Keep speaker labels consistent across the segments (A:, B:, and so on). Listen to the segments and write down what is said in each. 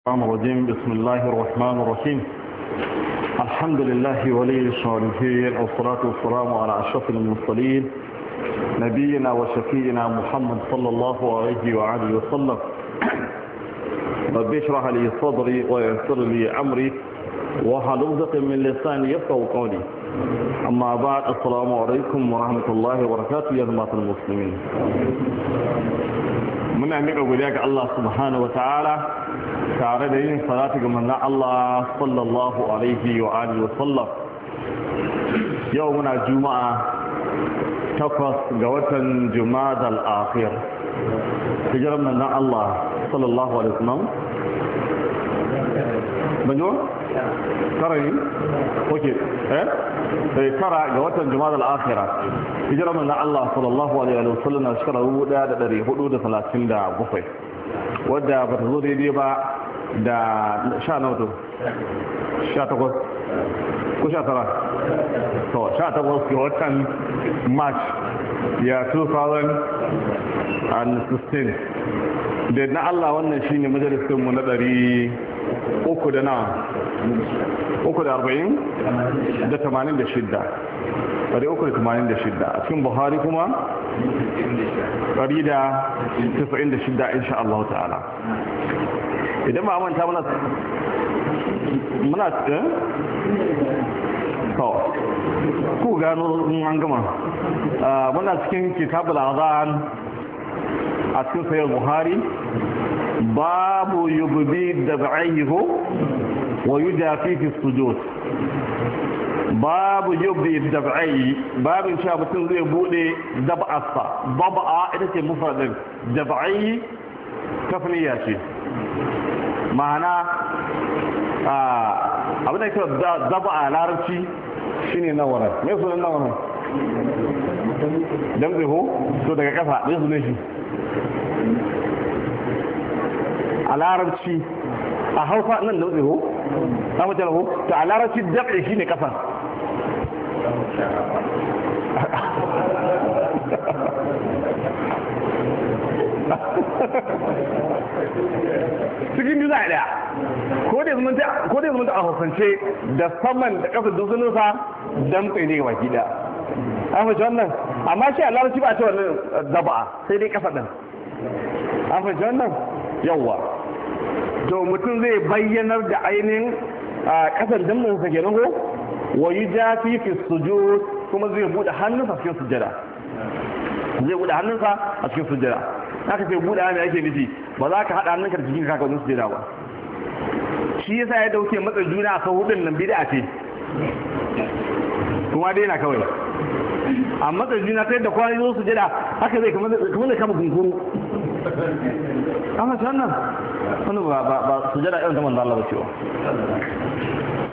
A: الرحمن الرحيم بسم الله الرحمن الرحيم الحمد لله ولي الصالحين والصلاة والسلام على أشرف المرسلين نبينا وشفينا محمد صلى الله عليه وآله وسلم رب اشرح لي صدري ويسر لي أمري وهل من لساني يفقه قولي أما بعد السلام عليكم ورحمة الله وبركاته يا جماعة المسلمين من أمير أولياء الله سبحانه وتعالى tare da yin salati ga manzon Allah sallallahu alaihi wa alihi wa sallam yau muna juma'a takwas ga watan jumada al-akhir hijirar manzon Allah sallallahu alaihi wa sallam banjo tara ne oke eh sai tara ga watan jumada al-akhira hijirar manzon Allah sallallahu alaihi wa sallam na shekara 1437 wadda ba ta zo daidai ba da sha na wato sha takwas ko sha tara to sha takwas ga watan march ya 2016 da na allah wannan shine mu na ɗari uku da na uku da arba'in da tamanin da shidda ɗari uku da tamanin da shidda a cikin buhari kuma ɗari da tasa'in da shidda insha ta'ala idan ba manta muna muna eh to ku gano an gama ah, muna cikin kitabul azan a cikin sayar buhari babu yubbi dab'ihi wa yi fi sujud babu yubbi dab'i babin sha mutum zai bude dab'asa dab'a ita ce mufradin dab'i kafniya ce ma'ana abin da kira zaba a larabci na wara mai wara don zai ko to daga kafa su ne shi a larabci a haufa nan zai ko ta mace ho ta a larabci shi shine kasa cikin biyu za daya ko da zumunta ta a hukunce da saman da ƙasa don sun don tsaye ne baki da an fahimci wannan amma shi a larabci ba a ce wannan daba'a sai dai ƙasa ɗin an fahimci wannan yawwa to mutum zai bayyanar da ainihin ƙasar damtsen sa kenan ko wa yi jafi fi sujo kuma zai buɗe hannunsa cikin sujada zai buɗe hannunsa a cikin sujada aka ce buɗe mai ake nufi ba za ka haɗa hannunka da jikin kaka wajen sujada ba shi yasa ya dauke matsa juna a sahu din nan bid'a ce kuma dai na kawai a matsa juna ta yadda kwanan yau sujada haka zai kama da kama kunkuru amma shi wannan wani ba ba sujada irin ta manzo Allah ba cewa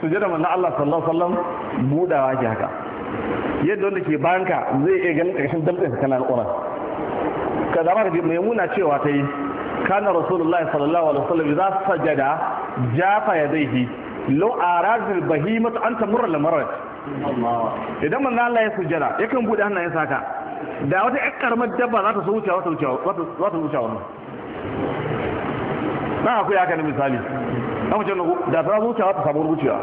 A: sujada manzo Allah sallallahu alaihi wasallam budawa ke haka yadda wanda ke bayanka zai iya ganin ƙarshen damtsin kana al'ura kaza ba mai maimuna cewa ta yi kana rasulullahi sallallahu alaihi wasallam su sajada jafa ya yadayhi law arada al-bahimat an tamurra al-marrat idan manzo Allah ya sujada yakan bude hannayen saka da wata ƴar karamar dabba za ta so wuce wata wuce wata wuce wannan na ku haka ne misali na wuce da ta wuce wata sabuwar wucewa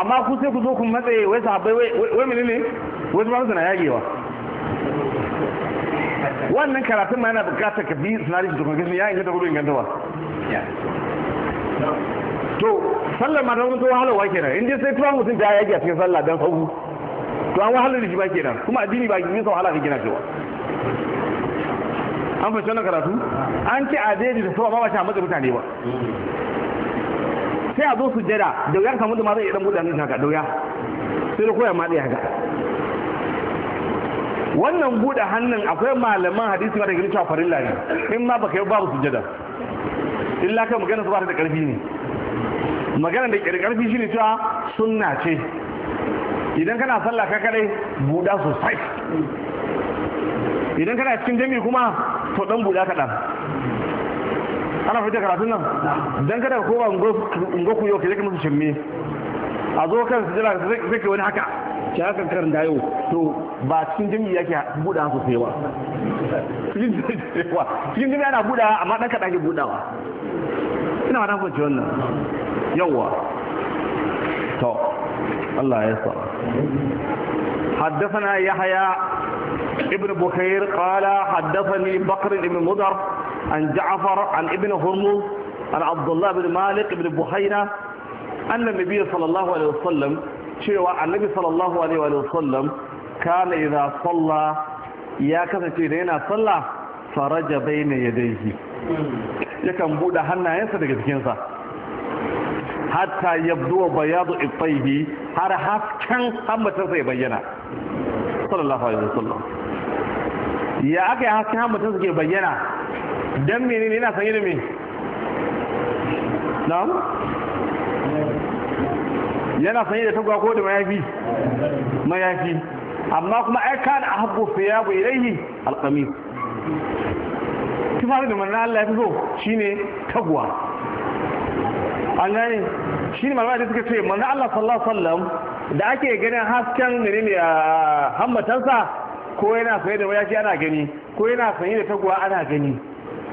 A: amma ku sai ku zo kun matsaye wai sahabbai wai menene wai su ba su na yagewa wannan karatun ma yana bukatar ka bi sinari da kuma ya inganta gudu inganta ba to sallar ma don zuwa halarwa kenan nan inda sai tuwa mutum ta yaki a cikin sallah don sauku to an wahalar da shi ba nan kuma addini ba yin wahala ka gina cewa an fashe wannan karatu an ce a daidai da sauwa ma ba ta matsa mutane ba sai a zo su jada da wuyan kamar da ma zai iya dan buɗe hannun haka da wuya sai da koya ma ɗaya haka wannan buɗe hannun akwai malaman hadisi da gani cewa farilla ne in ma baka yi babu sujada illa kai magana su ba ta da ƙarfi ne magana da ƙarfi ne cewa sunna ce idan kana sallah ka kadai buda sosai idan kana cikin jami'i kuma to dan buda kaɗan ana fita karatun nan dan kada ko ba ungo ku yau ke zaka musu shimme a zo kan sujada zai kai wani haka ki haka karanta yau to ba cikin jami'i yake buɗa su sai ba cikin jami'i ana buɗa amma ɗan kaɗan ke buɗawa ina ma fahimci wannan yawwa to Allah ya sa حدثنا يحيى ابن بخير قال حدثني بكر بن مضر عن جعفر عن ابن هرمز عن عبد الله بن مالك بن بحيرة أن النبي صلى الله عليه وسلم cewa annabi sallallahu alaihi wa sallam kana idza salla ya kasance da yana salla faraja baina yadayhi yakan bude hannayensa daga jikinsa hatta yabdu bayadu ittaihi har hasken hammatarsa ya bayyana sallallahu alaihi wa sallam ya aka yi hasken hammatarsa ke bayyana dan menene yana sanye da me na'am yana sanye da tagwa ko da mayafi mayafi amma kuma ai kan ahabbu thiyabu ilayhi alqamis tufafin da manna Allah ya fi shine tagwa an gane shi ne malamai da suka ce manna Allah sallallahu alaihi wasallam da ake ganin hasken ne a ah, hammatansa ko yana sanye da mayafi ana gani ko yana sanye da tagwa ana gani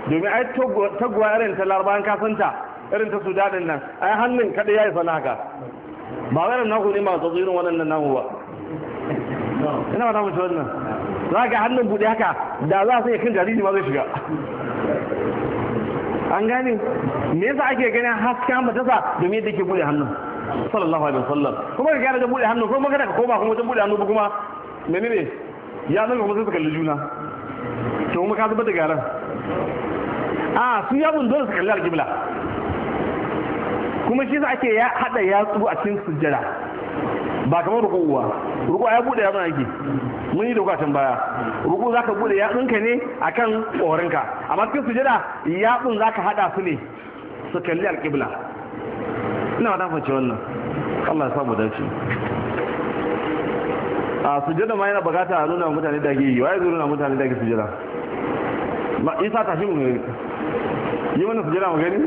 A: domin ai tagwa irin ta larabawan kasanta irin ta sudanin nan ai hannun kada ya yi sana ba wani naku ne masu tsirin waɗannan naku ba ina ba ta mutu wannan za ka hannun buɗe haka da za su iya kan jariri ma zai shiga an gane me yasa ake ganin hasken matasa domin yadda ke buɗe hannun sallallahu alaihi wasallam kuma ka gyara da buɗe hannun kuma kada ka koma kuma wajen buɗe hannu kuma menene ya zama kuma sai su kalli juna to kuma ka zubar da garan a su yawon dole su kalli alƙibla kuma shi za ake ya hada yatsu a cikin sujjada ba kamar ba, ruku'a ya bude yatsun ake mun yi doka can baya za zaka bude yatsunka ne akan tsoronka amma cikin sujjada yatsun zaka hada su ne su kalli alƙibla ina ta fahimci wannan Allah ya samu dace a sujjada ma yana bukata a nuna mutane da ke yi wa ya zo nuna mutane da ke sujjada isa tashi mu yi mana sujjada mu gani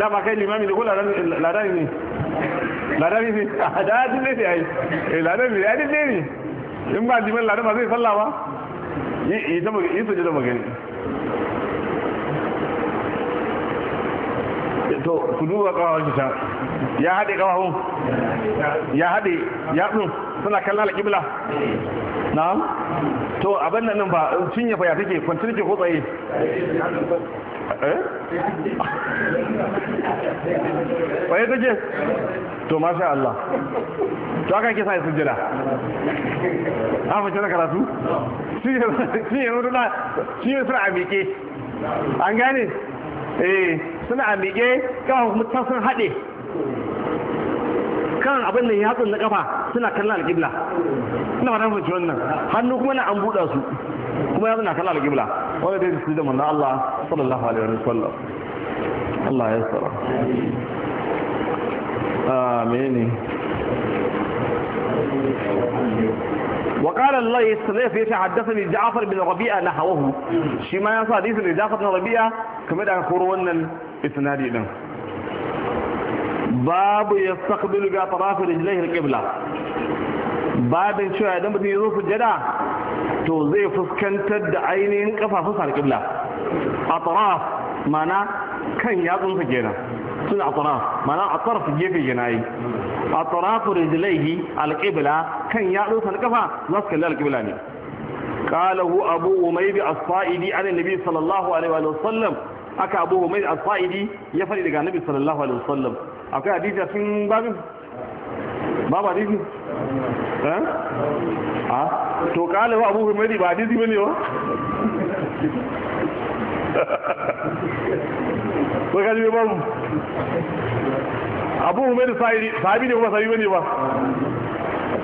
A: dama kai limami ah, da ko ladani ne ladani ne a dajin ne ya yi ladani ne ya yi ne in ba liman ladani ba zai sallah ba yi su ji da magani to ku duba kawawar kita ya haɗe kawahun ya haɗe ya yatsun suna kallon alƙibla na'am to abin nan ba cinye fa ya take kwanci ke ko tsaye Eh? waye je to masha Allah to aka ke sai sujjada a fice da karatu shi ne ruduna shi ne suna amike an gane eh suna amike kawo mutan sun haɗe kan abin da ya hatsun na kafa suna kallon alƙibla ina fatan fahimci wannan hannu kuma na an buɗa su kuma ya suna kallon alƙibla wanda dai su da manna Allah sallallahu alaihi wa sallam Allah ya tsara amini وقال الله يستضيف يتحدثني جعفر بن ربيعة نحوه شما ينصى حديث جعفر بن ربيعة كما دعا كورونا اسنادي دم باب يستقبل بأطراف رجليه القبلة باب شو idan mutum ya الجدع to zai fuskantar da ainihin kafafunsa alƙibla atraf mana kan yatsunsa kenan suna atraf mana atraf gefe a atraf rijlaihi alƙibla kan yatsunsa na kafa za su kalli alƙibla ne قاله أبو أميد الصائدي عن النبي صلى الله عليه وآله وسلم أكا أبو أميد الصائدي يفرد عن النبي صلى الله عليه وسلم أكا حديثة في باب باب حديث ها ha to kala wa abu hurmari ba hadisi bane wa ko ka ji ba abu hurmari sai sahabi ne kuma sahabi bane ba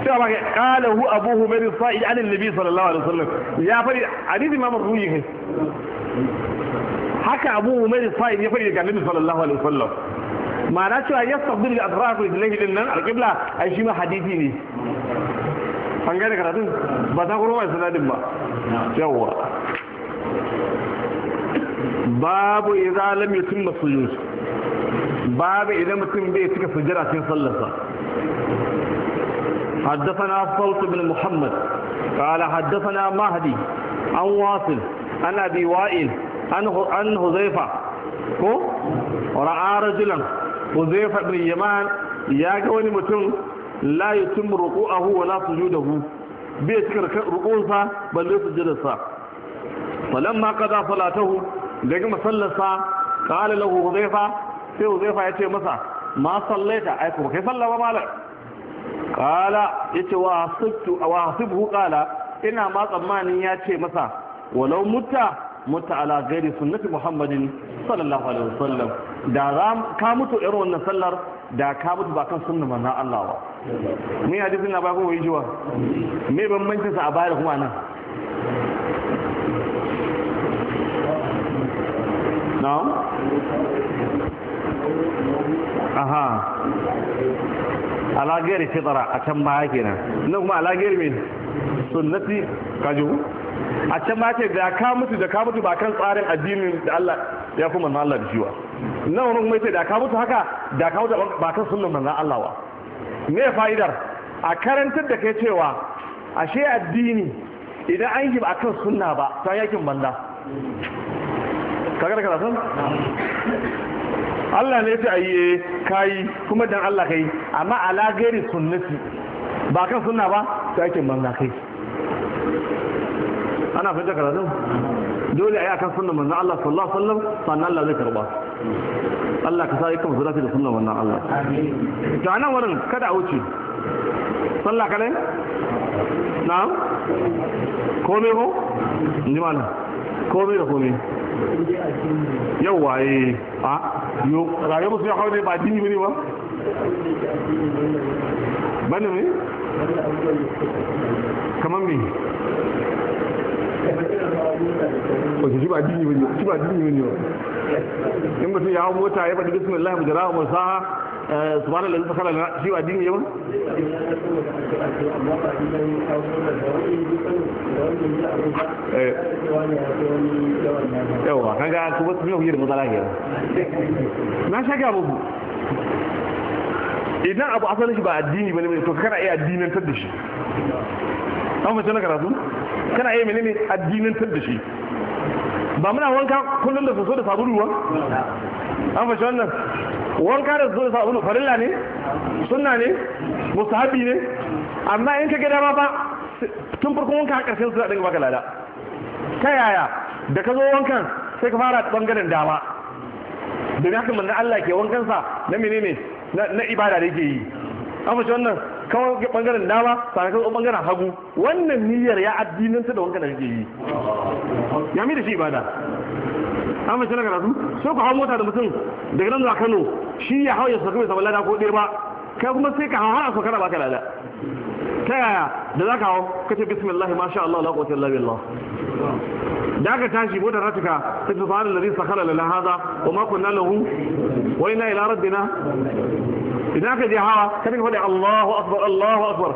A: cewa ba kala hu abu hurmari sai an annabi sallallahu alaihi wasallam ya fari hadisi ma marruyi kai haka abu hurmari sai ya fari daga annabi sallallahu alaihi wasallam ma'ana cewa yastaqbil al-atraf rijlaihi din nan al-qibla ai shi ma hadisi ne an gane karatun ba ta kuma mai sanadin ba yawwa babu idza lam yutimma sujud babu idan mutum bai cika sujjara cikin sallarsa حدثنا صوت بن محمد قال حدثنا مهدي عن واصل عن ابي وائل عن حذيفه ko ra'a rajulan huzaifa bin yaman ya ga wani mutum la yutimmu ruku'ahu wa la sujudahu bai cika rukunsa balle sujudarsa falamma qada salatahu daga masallarsa qala lahu hudhaifa sai hudhaifa ya ce masa ma sallaita ai kuma kai sallah ba malam qala yace wa hasibtu wa hasibhu qala ina ma tsammanin ya ce masa walau mutta mutu ala gairi sunnati muhammadin sallallahu alaihi wasallam da za ka mutu irin wannan sallar da ka mutu ba kan sunna manzon Allah ba me hadisin na ba ko yi jiwa me bambancin sa a baya da kuma nan na'am aha ala gairi fitara a can baya kenan nan kuma ala gairi me sunnati kaju a can ma ce da ka mutu da ka mutu ba kan tsarin addinin da Allah ya fi manzan Allah da shi wa nan wani kuma ce da ka mutu haka da ka mutu ba kan sunan manzan Allah wa me fa'idar a karantar da kai cewa ashe addini idan an yi ba kan sunna ba ta yakin banda kaga da karatun Allah ne ta ayye eh, kayi kuma dan Allah kai amma ala gairi sunnati ba kan sunna ba ta yakin banda kai ana jaka karatun dole a yi akan sunan manzan Allah sallallahu alaihi wasallam sannan Allah zai karba Allah ka sa yi kamsu dace da sunan wannan Allah to nan wurin kada a wuce sallah kalai na'am komai ko ni mana komai da komai yau waye eh, a yo rayuwar musu ya hau ne ba dini ne ba bane ne kamar me wace shi ba dini ba ne shi ba dini ba ne ba in mutum ya mota ya faɗi bismillah bi jara'a wa saha eh, subhanal ladzi sakhara lana shi ba dini ba eh. yawa kaga kuma sun yi da matsala ke na shaga babu idan abu asalin shi ba addini ba to kana iya addinantar da shi an mace na karatu kana iya menene addinin tar da shi ba muna wanka kullum da soso da sabulu ba an fashe wannan wanka da soso da sabulu farilla ne sunna ne mustahabi ne amma in ka ga dama ba tun farkon wanka a ƙarshen su ɗin baka lada ta yaya da ka zo wankan sai ka fara bangaren dama domin haka manzon Allah ke wankansa na menene na ibada da yake yi an fashe wannan kawai bangaren dama sakamakon bangaren hagu wannan niyyar ya addinanta da wanka da kake yi ya mi da shi ibada an fashe na karatu sai ku hau mota da mutum daga nan zuwa kano shi ya hau ya saka mai saman lada ko ɗaya ba kai kuma sai ka hau har a sauka baka lada ta yaya da za ka hau ka ce bismillah ma sha Allah la quwwata illa billah da aka tashi motar ratuka, ta fi fara ladhi sakhara lana hadha wa ma kunna lahu wa inna ila rabbina idan aka je hawa ka dinga faɗi Allahu akbar Allahu akbar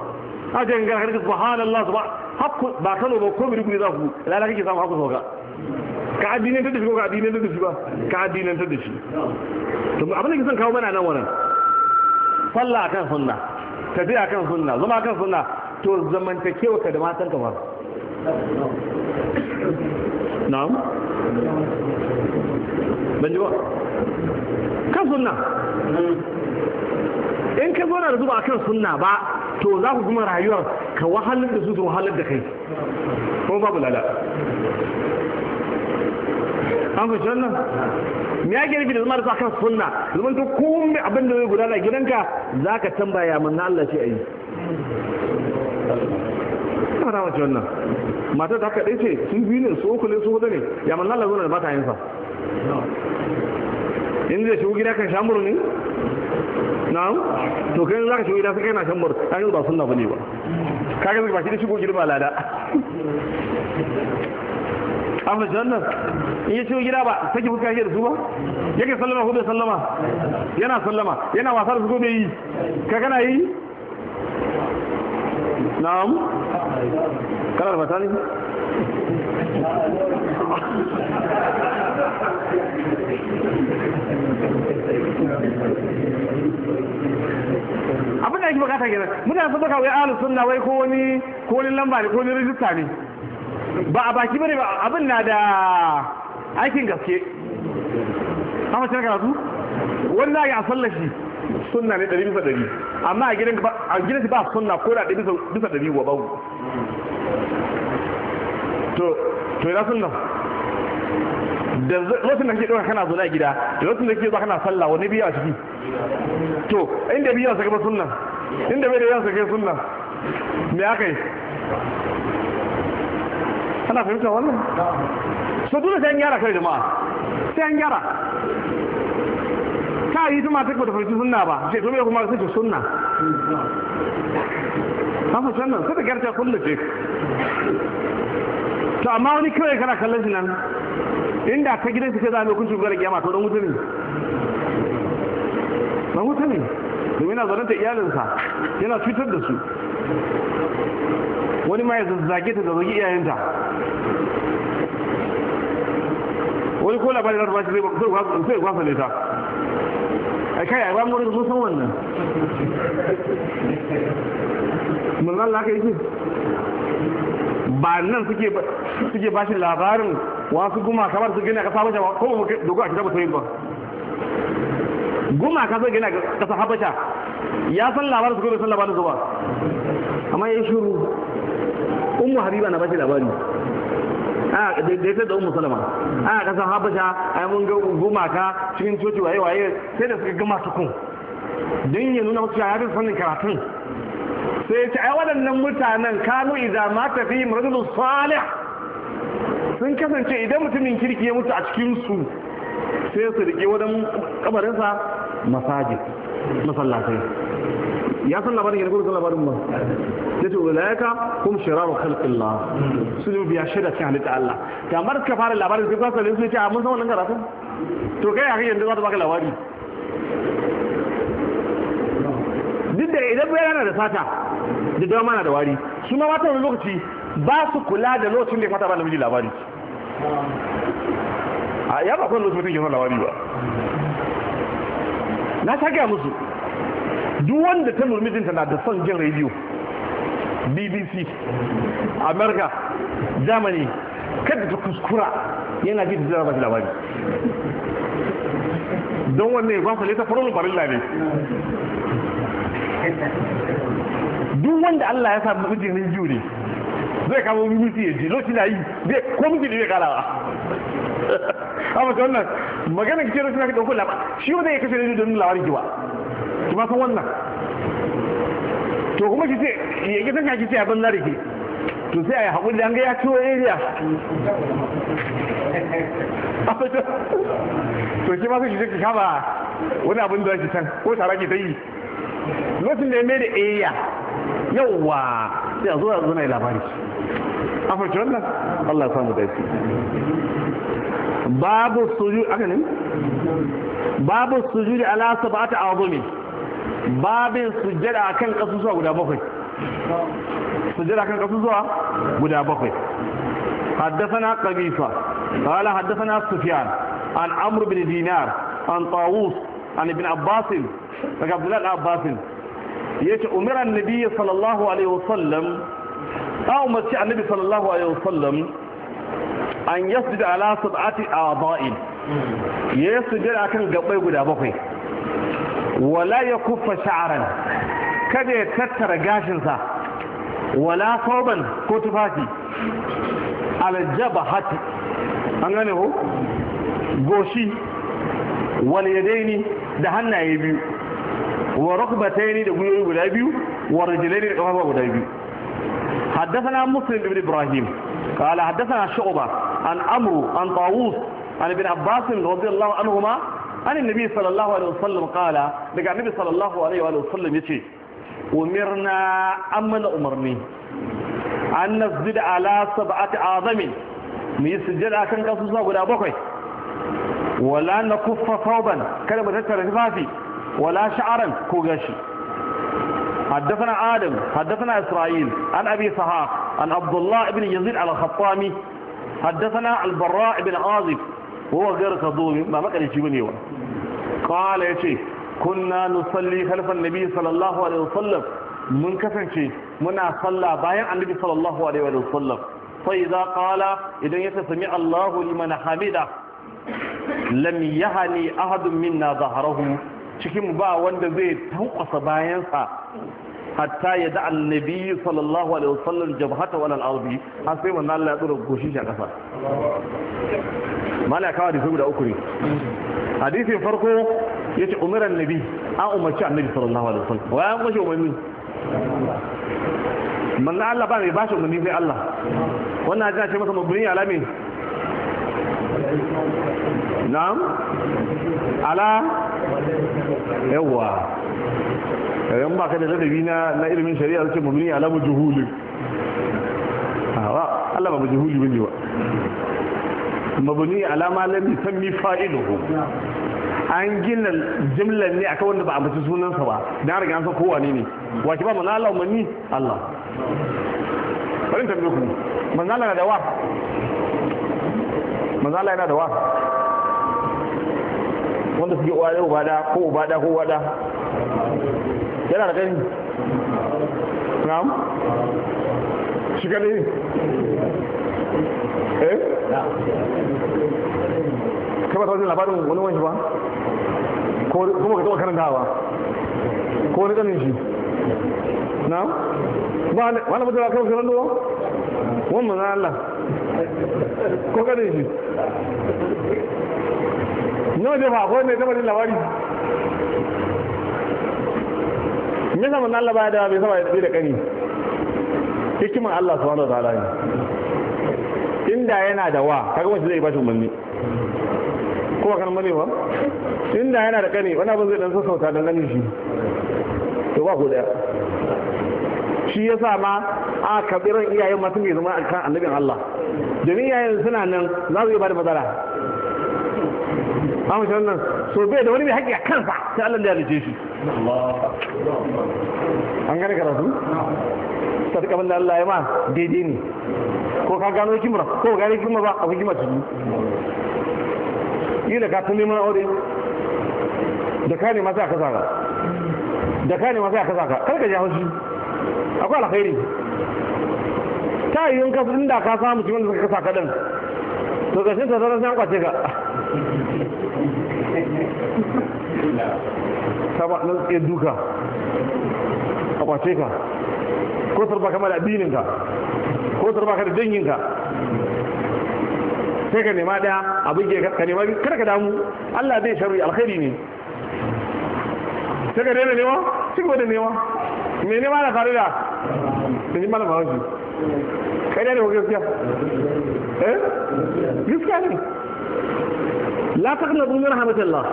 A: a ce ga ka subhanallah subhan hakku ba kano ba ko biri za ku lala kake samu hakku soka ka addinin ta da ko ka addinin ta da ba ka addinin ta da shi to abin da kisan kawo mana nan wannan sallah kan sunna tafiya akan sunna zama kan sunna to zamantakewa ka da matan ka ba na'am ban ji ba kan sunna in ka zauna da zuba kan sunna ba to za ku kuma rayuwar ka wahalar da su su wahalar da kai ko babu lala an fi wannan me ya nufi da zama da kan sunna zaman to komai abin da zai gudana gidanka za ka tambaya manna Allah ce ayi fara mace wannan matar da aka ɗaice sun biyu ne su uku ne su hudu ne ya manna Allah zuwa da ba ta yin sa in zai shigo gida kan shamuru ne na'am to kai za ka shigo gida sai kai na shan mur ai ba sunna bane ba kaga ba shi da shigo ba lada amma janna in ya shigo gida ba take fuska shi da su ba yake sallama ko bai sallama yana sallama yana wasa da su ko bai yi ka kana yi na'am kana da fata abin da ake bukata gina mutane sun baka wai ahlus sunna wai ko wani ko wani lamba ne ko wani rijista ne ba a baki bane ba abin na da aikin gaske amma sai karatu wani za a sallar shi sunna ne ɗari bisa ɗari amma a gidan a gidan ba sunna ko da bisa ɗari wa bau. to to ina sunna da lokacin da kake ɗaukar kana zaune a gida da lokacin da kake zuwa kana sallah wani biya a ciki to inda biya sa gaba sunna inda bai da yawan sa kai sunna me aka yi ana fahimta wannan so dole sai an gyara kai jama'a sai an gyara ka yi tuma ta kwata fahimci sunna ba sai to me kuma sai sunna an fahimta nan sai ta gyarta kullu ce to amma wani kawai kana kallon shi nan inda ta gidan suke zame kun shugaba kiyama to don wuta ne dan domin yana zaune ta iyalinsa yana cutar da su wani ma ya zazzage ta zazzage iyayenta wani ko labari na ba zai kwasa ne ta a kai a ramuwar da sun san wannan manzan laka yake ba nan suke suke bashi labarin wasu gumaka ba su gina kasa ba ko mu dogo a kitabu sai ba gumaka zai gina kasa habasha ya san labarin su ko bai san labarin su ba amma ya shiru ummu habiba na bashi labari a daidaitar da ummu salama a kasa habasha a mun ga gumaka cikin coci waye waye sai da suka gama kun don ya nuna wasu ya yadda karatun sai ce ai waɗannan mutanen kanu idan ma tafi rajulun salih sun kasance idan mutumin kirki ya mutu a cikin su sai su rike wadan sa masajid masallatai ya san labarin ya gudun labarin ba ya ce ulayaka kum shirar khalqillah su ne biya shida cikin halitta Allah kamar ka fara labarin sai kwasa ne su ce a mun san wannan karatu to kai a yanzu za ta baka labari duk da idan bai yana da sata da dama na da wari su ma mata wani lokaci ba su kula da lokacin da ya mata ba namiji labari a ya ba kwan lokacin mutum ke labari ba na ta gaya musu duk wanda ta murmijinta na da son jin rediyo bbc america germany kada ta kuskura yana ji da ba labari don wannan ya ne ta farolin farilla ne duk wanda Allah ya samu ne jiwu ne zai kama mutum ya ji lokacin da yi zai ko mutum ne zai karawa amma ta wannan maganar kike lokacin da ka dauko laba shi wanda ya kashe rijiyo don labarin kiwa ki ma san wannan to kuma ki ce ya ki san ka ki a banza da ke to sai a yi haƙuri da an ga ya ciwo area to ke masu shi ki kama wani abin da ci can ko tara ki ta yi lokacin da ya mai da area yawwa sai a zo a zo na labari an farci wannan Allah ya samu dace babu sujud aka ne babu sujud ala sab'ati azumi babin sujjada akan kasusuwa guda bakwai sujjada akan kasusuwa guda bakwai حدثنا قبيصة قال حدثنا سفيان عن عمرو بن دينار عن طاووس عن ابن عباس عن عبد الله بن عباس yace umiran nabi sallallahu alaihi wasallam aw mati annabi sallallahu alaihi wasallam an yasjuda ala sab'ati a'dha'in ya sujjada akan gabbai guda bakwai wala yakuffa sha'ran kada ya tattara gashinsa wala sauban ko tufafi aljaba hati an gane ho goshi wal yadaini da hannaye biyu wa rukbatayni da guyoyi guda biyu wa rijlayni da kafafa guda biyu حدثنا مسلم بن ابراهيم قال حدثنا شعبة عن عمرو عن طاووس عن ابن عباس رضي الله عنهما عن النبي صلى الله عليه وسلم قال لقى النبي صلى الله عليه وآله وسلم يتي أمرنا أمن أمرني أن نسجد على سبعة عظم ميسجد أكن قصصا قد أبوكي ولا نكف ثوبا كلمة تترفافي ولا شعرا كوغاشي حدثنا آدم حدثنا إسرائيل عن أبي صهاق عن عبد الله بن يزيد على الخطامي حدثنا البراء بن عازف وهو غير كذوب ما بقى يجيبني قال يا شيخ kunna nusalli khalfan nabi sallallahu alaihi wasallam mun kasance muna sallah, bayan annabi sallallahu alaihi wasallam fa idza qala idan ya sami Allahu liman hamida lam yahani ahadun minna zahrahu cikin ba wanda zai tankwasa bayansa hatta ya da annabi sallallahu alaihi wasallam jabhata wal ardi har sai manzo Allah ya tsura goshi shi a kasa mala kawa da guda uku ne hadisin farko yace umar annabi an umarci annabi sallallahu alaihi wasallam wa ya umarci umarni manzo Allah ba mai bashi umarni sai Allah wannan hadisi ce masa mabuni alamin Nam ala yawa yayin eh, ba ka da ladabi na ilimin shari'a zai ce mabini ala mujhulin awa ah, Allah ba mujhuli bane ba mabini ala ma lam yusammi fa'iluhu an gina jimlar ne akan wanda ba a bace sunansa ba an riga an san kowa ne ne wa ki ba manzo Allah manni Allah bari tambaye ku manzo Allah da wa manzo yana da wa wanda suke uwa da ubada ko ubada ko wada yana da gani na'am shi kadai eh kama ta wajen labarin wani wani ba kuma ka taɓa karantawa ko wani ganin shi na wani mutum kan karan duwa wani manzan Allah ko ƙanin shi nawa zai fa akwai mai gaba da labari me yasa na Allah baya da bai saba da da kani hikiman Allah subhanahu wa ta'ala ne inda yana da wa kaga wanda zai bashi umarni kuma kan mane ba inda yana da kani wani abin zai dan sassauta dan ganin shi to ba ku daya shi sa ma a kabiran iyayen masu mai zama a kan annabin Allah domin iyayen suna nan za su yi ba da matsala amma shi wannan so bai da wani mai haƙƙi a kansa sai Allah ya rike shi an gane karatu sadaka banda Allah ya ma daidai ne ko ka gano kimar ko gane kimar ba akwai kimar ciki yi da ka tumi mana aure da ka ne masu aka saka da ka ne masu aka saka karka ja haushi akwai alkhairi ta yi yin kasu inda ka samu cikin da suka kasa kaɗan to ta tazarar sai an kwace ka sama na tsaye duka a kwace ka ko sarba kama da addininka ko sarba ka da danginka sai ka nema daya abin ke ka nema kada ka damu Allah zai sharri alkhairi ne sai ka daina nema sai ka da nema me nema na faru da sai yi malama wasu kai da ne ko gaskiya eh gaskiya ne la taqnatu min rahmatillah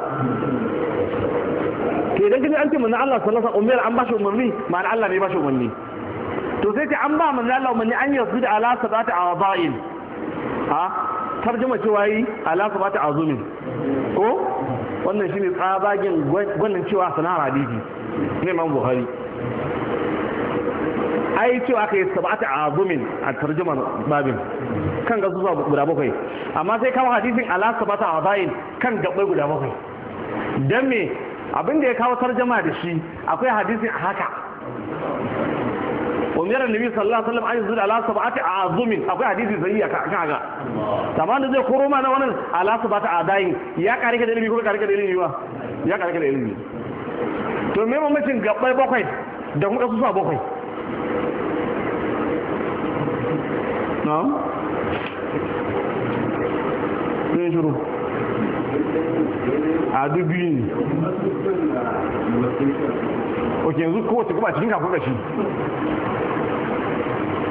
A: ke idan kaje an ce manzon Allah sallallahu alaihi wasallam an bashi umarni ma'ana Allah ne bashi umarni to sai ce an ba manzon Allah umarni an da ala sabati awaba'in ha tarjuma cewa yi ala sabati azumin ko wannan shine tsabagen gwanin cewa sana hadisi ne man buhari ai cewa aka yi sabata a gumin a tarjuma babin kan gasu zuwa guda bakwai amma sai kawo hadisin ala sabata a bayin kan gabbai guda bakwai dan me abin da ya kawo tarjama da shi akwai hadisi a haka umar nabi sallallahu alaihi wasallam ayyuzu ala sab'ati azumin akwai hadisi sahihi a kan haka tamam da zai koro ma na wannan ala sab'ati adayin ya karike da ilimi ko karike da ilimi ba ya karike da ilimi to me mutun gabbai bakwai da kuma kasusa bakwai na'am sai shuru a duk biyu ok yanzu kowace kuma cikin kafin kashi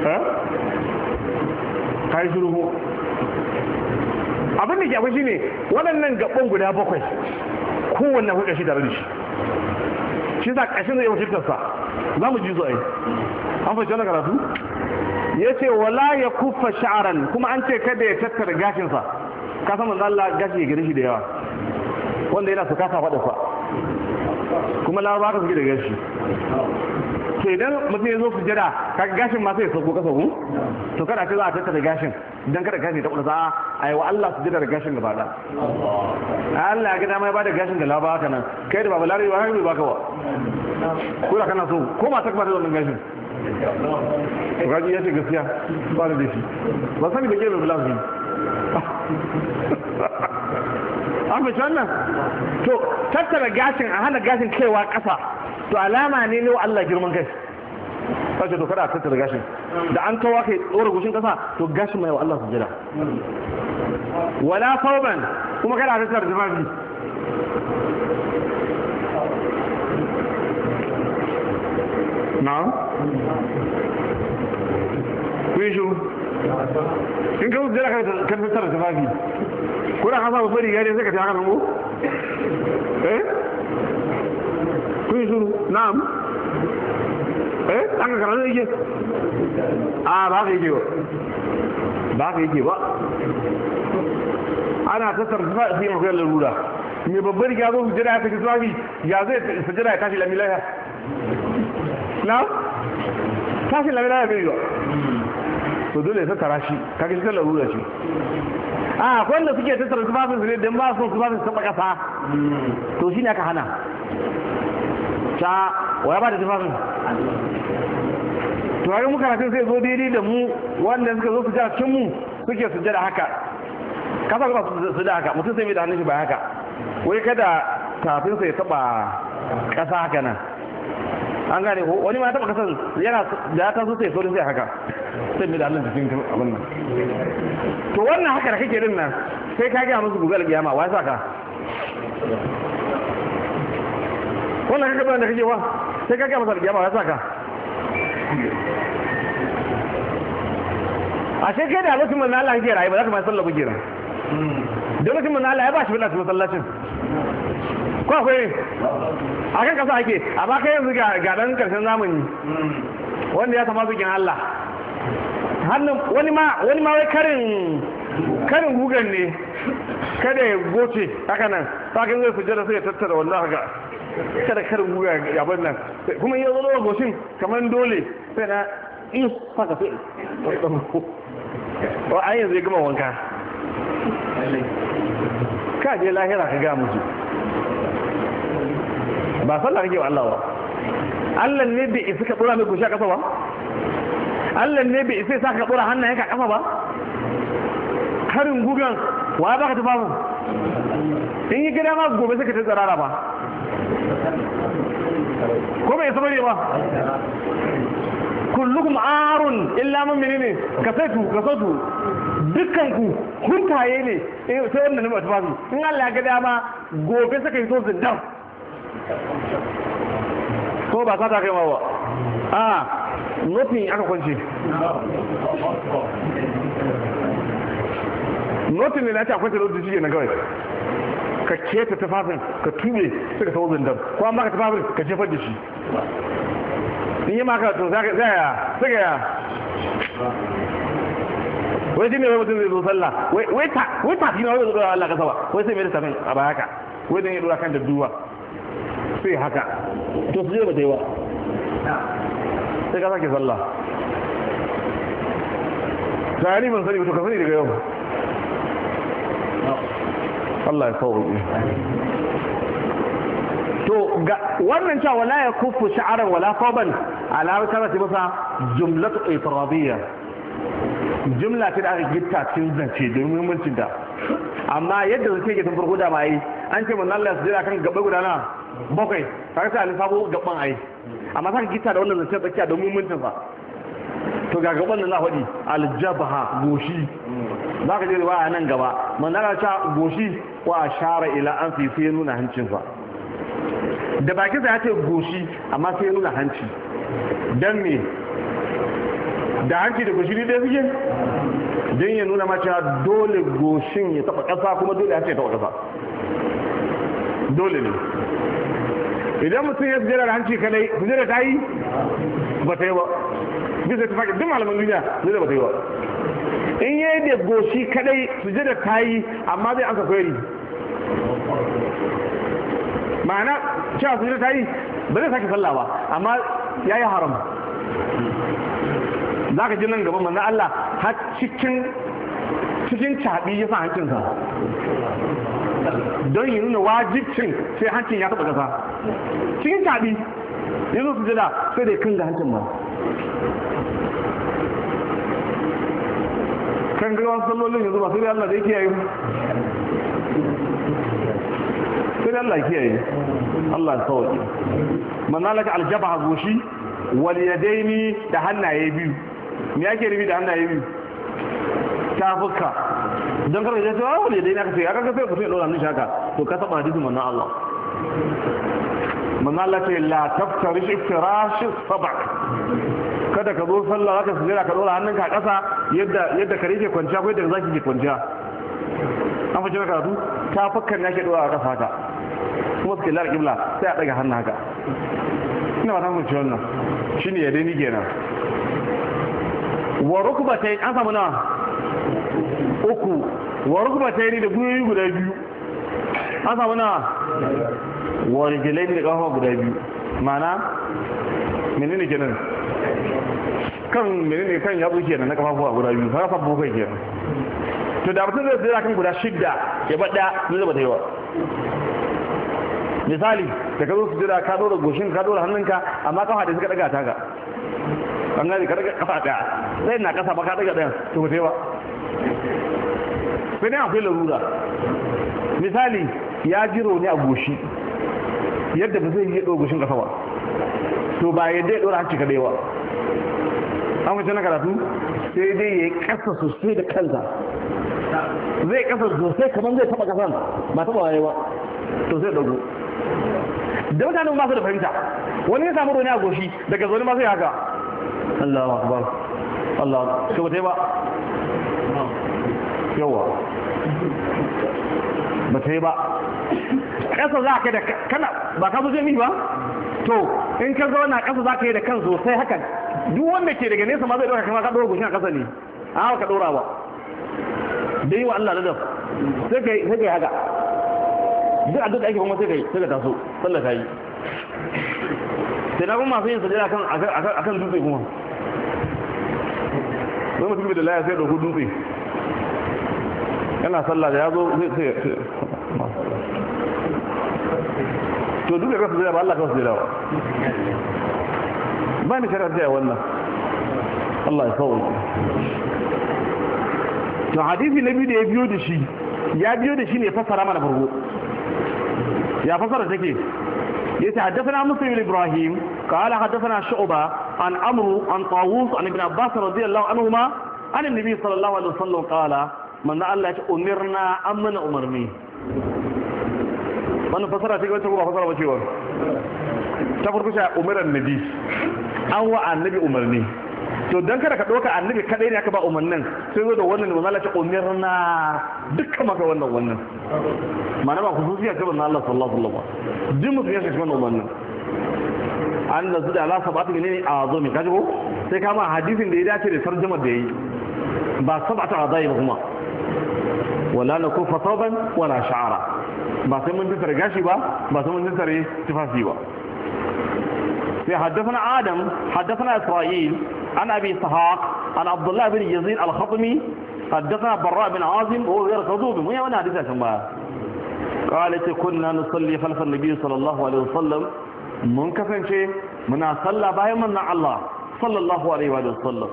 A: eh? ka yi shuru abin abinda ke akwai ne waɗannan gaban guda bakwai kowanne akwai shi tare da shi shi sa ƙashin zai wajen tasa za mu ji zuwa yi an fashe wani karatu ya ce wala ya kufa sha'aran kuma an ce kada ya tattara gashinsa Kasa manzan Allah gashi gari shi da yawa wanda yana kasa faɗa fa kuma laraba ka suke da gashi to idan mutum ya zo su jira ka gashin masu ya sauko kasa hun to kada ka za a tattara gashin dan kada gashi ta a yi wa Allah su jira da gashin gaba da Allah ya ga dama ya bada gashin da laba ka nan kai da baba larabi ba kai ba ka wa ko kana so ko ma takba da wannan gashin to gaji ya ce gaskiya ba da shi ba sani da ke mai bulafi. an fi wannan to tattara gashin a hana gashin kaiwa ƙasa to alama ne ne wa Allah girman kai sace to kada a tattara gashin da an kawo kai tsora gushin ƙasa to gashin mai wa Allah su jira wala sauban kuma kada a tattara jimafi na kun in ka mutu jira ka tattara tufafi ko da ka samu gari sai ka ta haka mu eh kun shuru na'am eh an ka karanta yake a ba ka yake ba ba ka yake ba ana tattara tufafi sai akwai lalura mai babbar ya zo hujjira ya tafi tufafi ya zai sajira ya tashi lamilaya na tashi lamilaya bai yi ba to dole ka kara shi ka shi ta rura shi a wanda suke tattara su tufafin su ne don ba su tufafin su kasa to shi ne aka hana ta waya ba da tufafin to haka muka rafi sai zo daidai da mu wanda suka zo su ja cin mu suke su da haka kasa ba su da haka mutum sai mai da hannun shi ba haka wai kada tafinsa ya taba kasa haka nan an gane ko wani ma taba kasan yana da ya taso sai saurin sai haka sai mai da Allah cikin abin nan to wannan haka da kake din nan sai ka gaya musu gugal kiyama wai ka? wannan kake bayan da kake wa sai ka gaya musu wa ya saka a sai kai da lokacin manzo Allah ya rayu ba za ka ma sallah ba kenan da lokacin manzo Allah ya ba shi billa masallacin ko akwai a kan kasa ake a baka yanzu ga dan karshen zamani wanda ya sama bikin Allah hannun wani ma wani ma wai karin karin gugan ne kada ya goce haka nan sakin zai sujjada sai ya tattara wannan haka kada karin guga ya bar nan kuma ya zo goshin kamar dole sai na in saka sai wa ai yanzu ya gama wanka kaje lahira ka ga ji. ba sallah kake wa Allah ba Allah ne bai isa ka dora mai goshi a ba Allah ne bai isa sa ka dora hannayen ka kasa ba karin gugan wa ba ka tafa in yi gida ma gobe sai ka ta tsarara ba ko bai isa bane ba kullukum arun illa man menene kasatu kasatu dukkan ku huntaye ne eh, sai wannan ne ba tafa in Allah ya ga dama gobe sai ka yi to zindan ko ba ka ta kai mawa a nufin aka kwanci nufin ne na a akwai da shi na kawai ka keta tafafin ka tube sai ka tawo zindar ko an baka tafafin ka jefar da shi in yi maka to za ka ya sai ka ya wai shi ne wai mutum zai zo sallah wai tafi na wai zo Allah ka sawa wai sai mai da tafin a baya ka wai don yi dora kan da duwa sai haka to su je ba yi ba sai ka sake sallah tsari ban sani ba ka sani daga yau Allah ya sauƙi to ga wannan cewa wala ya kufu sha'aran wala qawban ala harkar ta masa jumlatu ifradiyya jumla ta da aka gitta cikin zance domin mutunta amma yadda zance ke tun farko da mai an ce mun Allah ya sujjada kan gaba gudana bakwai tare sai a lissafo gaban ayi amma saka gita da wannan zancen tsakiya domin mintin fa to ga gaban da na faɗi aljabaha goshi za ka je riwaya nan gaba manzara ta goshi wa shara ila an fi sai nuna fa. da bakin sa ya ce goshi amma sai nuna hanci dan me da hanci da goshi ne dai suke don ya nuna mace dole goshin ya taba kasa kuma dole hanci ya taba ƙasa dole ne idan mutum ya sujjada da hanci kadai sujjada ta yi ba ta yi ba bisa tafaki duk malaman duniya sujjada ba ta yi ba in ya yi da goshi kadai sujjada ta yi amma zai ansa kwari ma'ana cewa sujjada ta yi ba zai sake sallah ba amma ya yi haram za ka ji nan gaba manzan Allah har cikin cikin caɓi ya sa hancinsa don yi nuna wajibcin sai hancin ya taɓa ƙasa cikin caɓi ya zo jada sai da kan ga hancin ba kan ga wasu sallolin yanzu ba sai da Allah da yake yayi sai da Allah kiyaye Allah ya sauke laka aljaba goshi wal yadaini da hannaye biyu me yake rubi da hannaye biyu tafuka don karfe ya cewa wani dai na kafe aka kafe ka sai dora nishi haka to ka saba hadisin manna Allah manna Allah ce la taftarish iftirash saba kada ka zo sallah zaka sujjada ka dora hannunka a ƙasa yadda yadda kare ke kwanciya ko yadda ki ke kwanciya an fice da karatu ta fakkan na ke dora a ƙasa ka, kuma suke lara kibla sai a ɗaga hannu haka ina ba ta mu ci wannan shine ya dai ni kenan wa rukbatai an samu nawa uku wa ta yi da gwiwoyi guda biyu an samu na wa rigilai da kafa guda biyu mana menene kenan kan menene kan yatsu kenan na kuwa guda biyu har kafa bukai kenan to da mutum zai zira kan guda shidda ya bada ne zaba ta yi wa misali da ka zo su jira ka dora goshin ka dora hannunka amma kafa da suka daga ta ga an gani ka daga kafa daya sai na kasa ba ka daga daya to ba ta yawa sai dai akwai larura misali ya ji rauni a goshi yadda ba zai yi ɗora goshin ƙasa ba to ba yadda ya ɗora hanci kaɗai ba an wuce na karatu sai dai ya yi ƙasa sosai da kansa zai ƙasa sosai kamar zai taɓa ƙasan ba taɓa waye ba to sai ɗago da mutanen ba su da fahimta wani ya samu rauni a goshi daga zaune ma sai haka Allah akbar Allah ka ba yawa ba ta yi ba ƙasa za ka da kana ba ka zo yi ba to in ka zo na ƙasa za ka yi da kan sosai hakan duk wanda ke daga nesa ma zai ɗauka kama ka ɗora gushin a ƙasa ne a hawa ka ɗora ba da yi wa Allah ladab sai ka yi haka duk a duk da ake kuma sai ka yi sai ka taso sallah ka yi sai na kuma masu yin sajada akan dutse kuma wani mutum da laya sai ɗauko dutse yana sallah da ya zo zai sai to duk da kasu zai ba Allah kasu zai ba ni shari'ar da wannan Allah ya kawo to hadisi na biyu da ya biyo da shi ya biyo da shi ne fassara mana farko ya fassara take yace haddathana muslim ibn ibrahim qala haddathana shu'ba an amru an tawus an ibn abbas radiyallahu anhuma an annabi sallallahu alaihi wasallam qala manzo Allah ya ce umirna an mana umarni wannan fasara ce wacce ko ba fasara ba cewa ta farko sai umaran nabi an wa annabi umarni to dan kada ka ɗauka annabi kadai ne aka ba umarnin sai zo da wannan manzo Allah ta umirna dukkan maka wannan wannan ma'ana ba khususiya ce manzo Allah sallallahu alaihi wasallam duk mutum ya shiga wannan umarnin Allah nazu da Allah sabatu ne a zo mai ko sai kama hadisin da ya dace da tarjumar da yayi ba sabatu azai ba kuma wala na ko fasaban wala sha'ara ba sai mun tattare gashi ba ba sai mun tattare tufafi ba sai haddathana adam haddathana isra'il an abi sahaq an abdullah bin yazid al-khatmi haddathana barra bin azim wa ghayr kadhub mun yana hadisa kan ba qalat kunna nusalli khalfa an-nabi sallallahu alaihi wasallam mun kasance muna sallah bayan manzon Allah sallallahu alaihi wasallam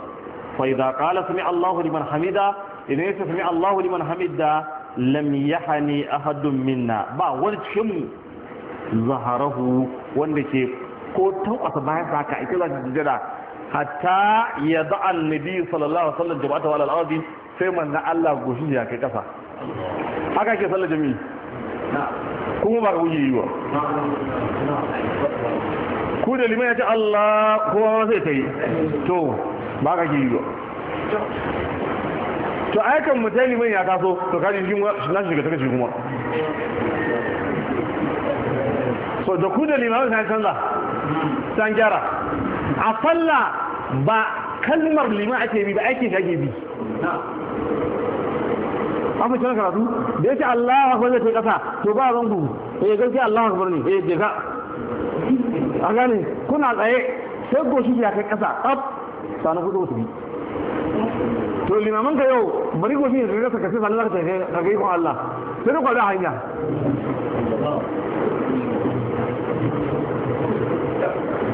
A: fa idza qala sami Allahu liman hamida idan ya tafi Allahu liman hamida lam yahani ahadun minna ba wani cikin mu zaharahu wanda ke ko tabbata bayan haka ita za ta jira hatta ya da annabi sallallahu alaihi wasallam jabata wal ardi sai manzo Allah goshi ya kai kasa haka ke sallar jami'i kuma ba ku yi wa ku da liman ya ce Allah kowa sai ta yi to ba ka yi wa to aikan mutane mai ya taso to kaji shi na shiga ta shi kuma so da ku da limamin sai canza san gyara a falla ba kalmar lima ake bi ba aikin shi ake bi a fi cikin karatu da yake Allah akwai zai ke kasa to ba zan ku yi eh, gaskiya Allah akwai ne ya eh, je ka a gane kuna tsaye sai goshi ya kai kasa tsaf sana hudu wasu bi to limaman ka yau bari gobe ya rasa ka sai sallar ka ka ga ko Allah sai ko da hanya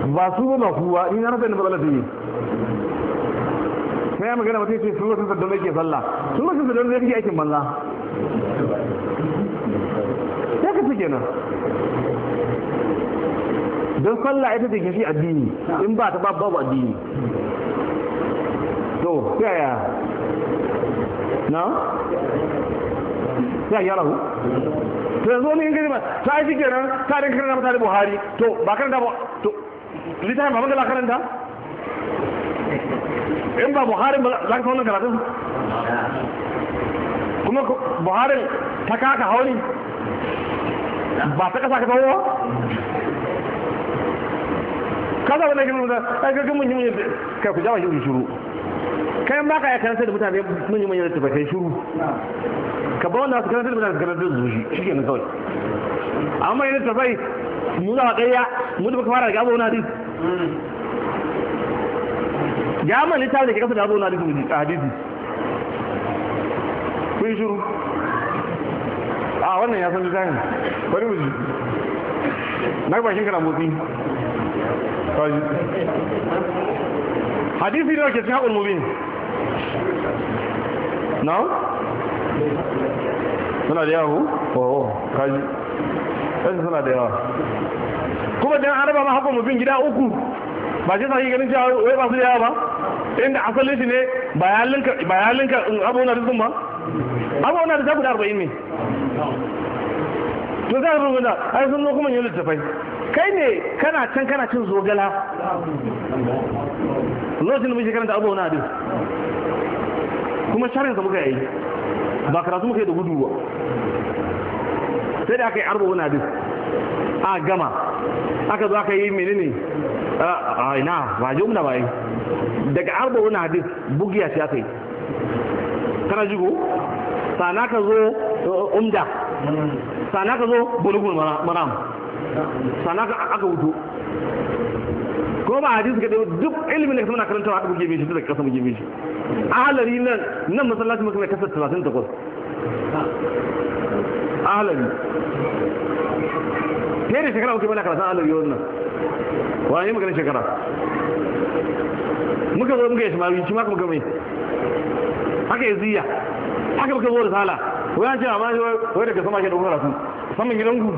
A: ba su ba ba kuwa ni na rasa ne ba zalafi sai ya gina mutum ce sun wasu saddon ke sallah sun wasu saddon yake aikin banza ya ka ci kenan don sallah ita ke shi addini in ba ta babu addini to ya. na ya yi hu to yanzu wani yin ba ta aiki kenan ta rin karanta mata da buhari to ba karanta ba to littafin ba magana karanta in ba buhari ba za ka wannan karatun kuma buhari ta kaka hauni ba ta kasa ka tawo kasa wani gina mutum ai gaggamin yi kai ku jama shi shuru Kayan ba ya karanta da mutane mun yi manyan littafai shuru ka ba wanda su karanta da mutane su karanta da zuci shi ke kawai amma yana mu nuna wa ɗaya, mu da fara fara daga abubuwan hadisi ya mani littafin da ke kasa da abubuwan hadisi hadisi kun shuru a wannan ya san littafin bari mu ji na bakin kana motsi hadisi ne wake cikin haƙul mubin na? suna da yahu? Oh, oh kaji kaji suna da yawa kuma dan araba ma haka mutum gida uku ba shi sahi ganin cewa wai ba su da yawa ba inda asalin shi ne ba ya linka in um, abu na rizun ba abu na da ta guda arba'in ne to za a rubuta ai sun zo kuma yin littafai kai ne kana can kana cin zogala lokacin da muke karanta abu na duk kuma sharin sa muka yi ba karatu muka yi da gudu ba sai da aka yi arba wani hadis a gama aka zo aka yi ne a ina ba ji umna bayi daga arba wani hadis bugiya ce aka yi kana jigo sana ka zo umda sana ka zo bulugun maram sana ka aka wuto ko ba hadisi kadai duk ilimin da muna karanta a muke bin shi daga kasa muke bin shi a halari nan nan masallaci muka kasa 38 a halari ne ne shekara kuke mana karatun halari wannan wani magana shekara muka zo muka yi ma yi kuma muka mai haka ya ziya haka muka zo da sala wani ce amma wai daga sama ke ɗaukar rasu saman ku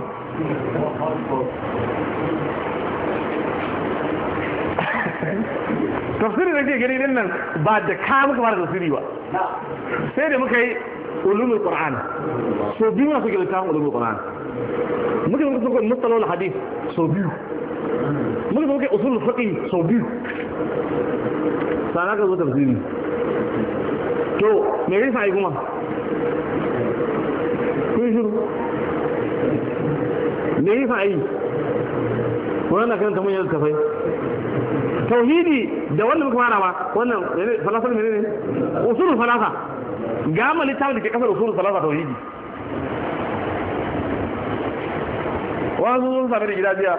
A: tafsirin da ke gani din nan ba da ka muka fara tafsiri ba sai da muka yi ulumul qur'an so biyu na suke littafin ulumul qur'an muka muka suka al hadith so biyu muka muka usul fiqh so biyu sana ka zo tafsiri to me yasa yi kuma kun shiru me yasa yi wannan kan ta mun yi tafai tauhidi da wanda muka fara ba wannan falasa ne ne usulul falasa gama littafin da ke kasar usulul falasa tauhidi wani sun sami da gida biya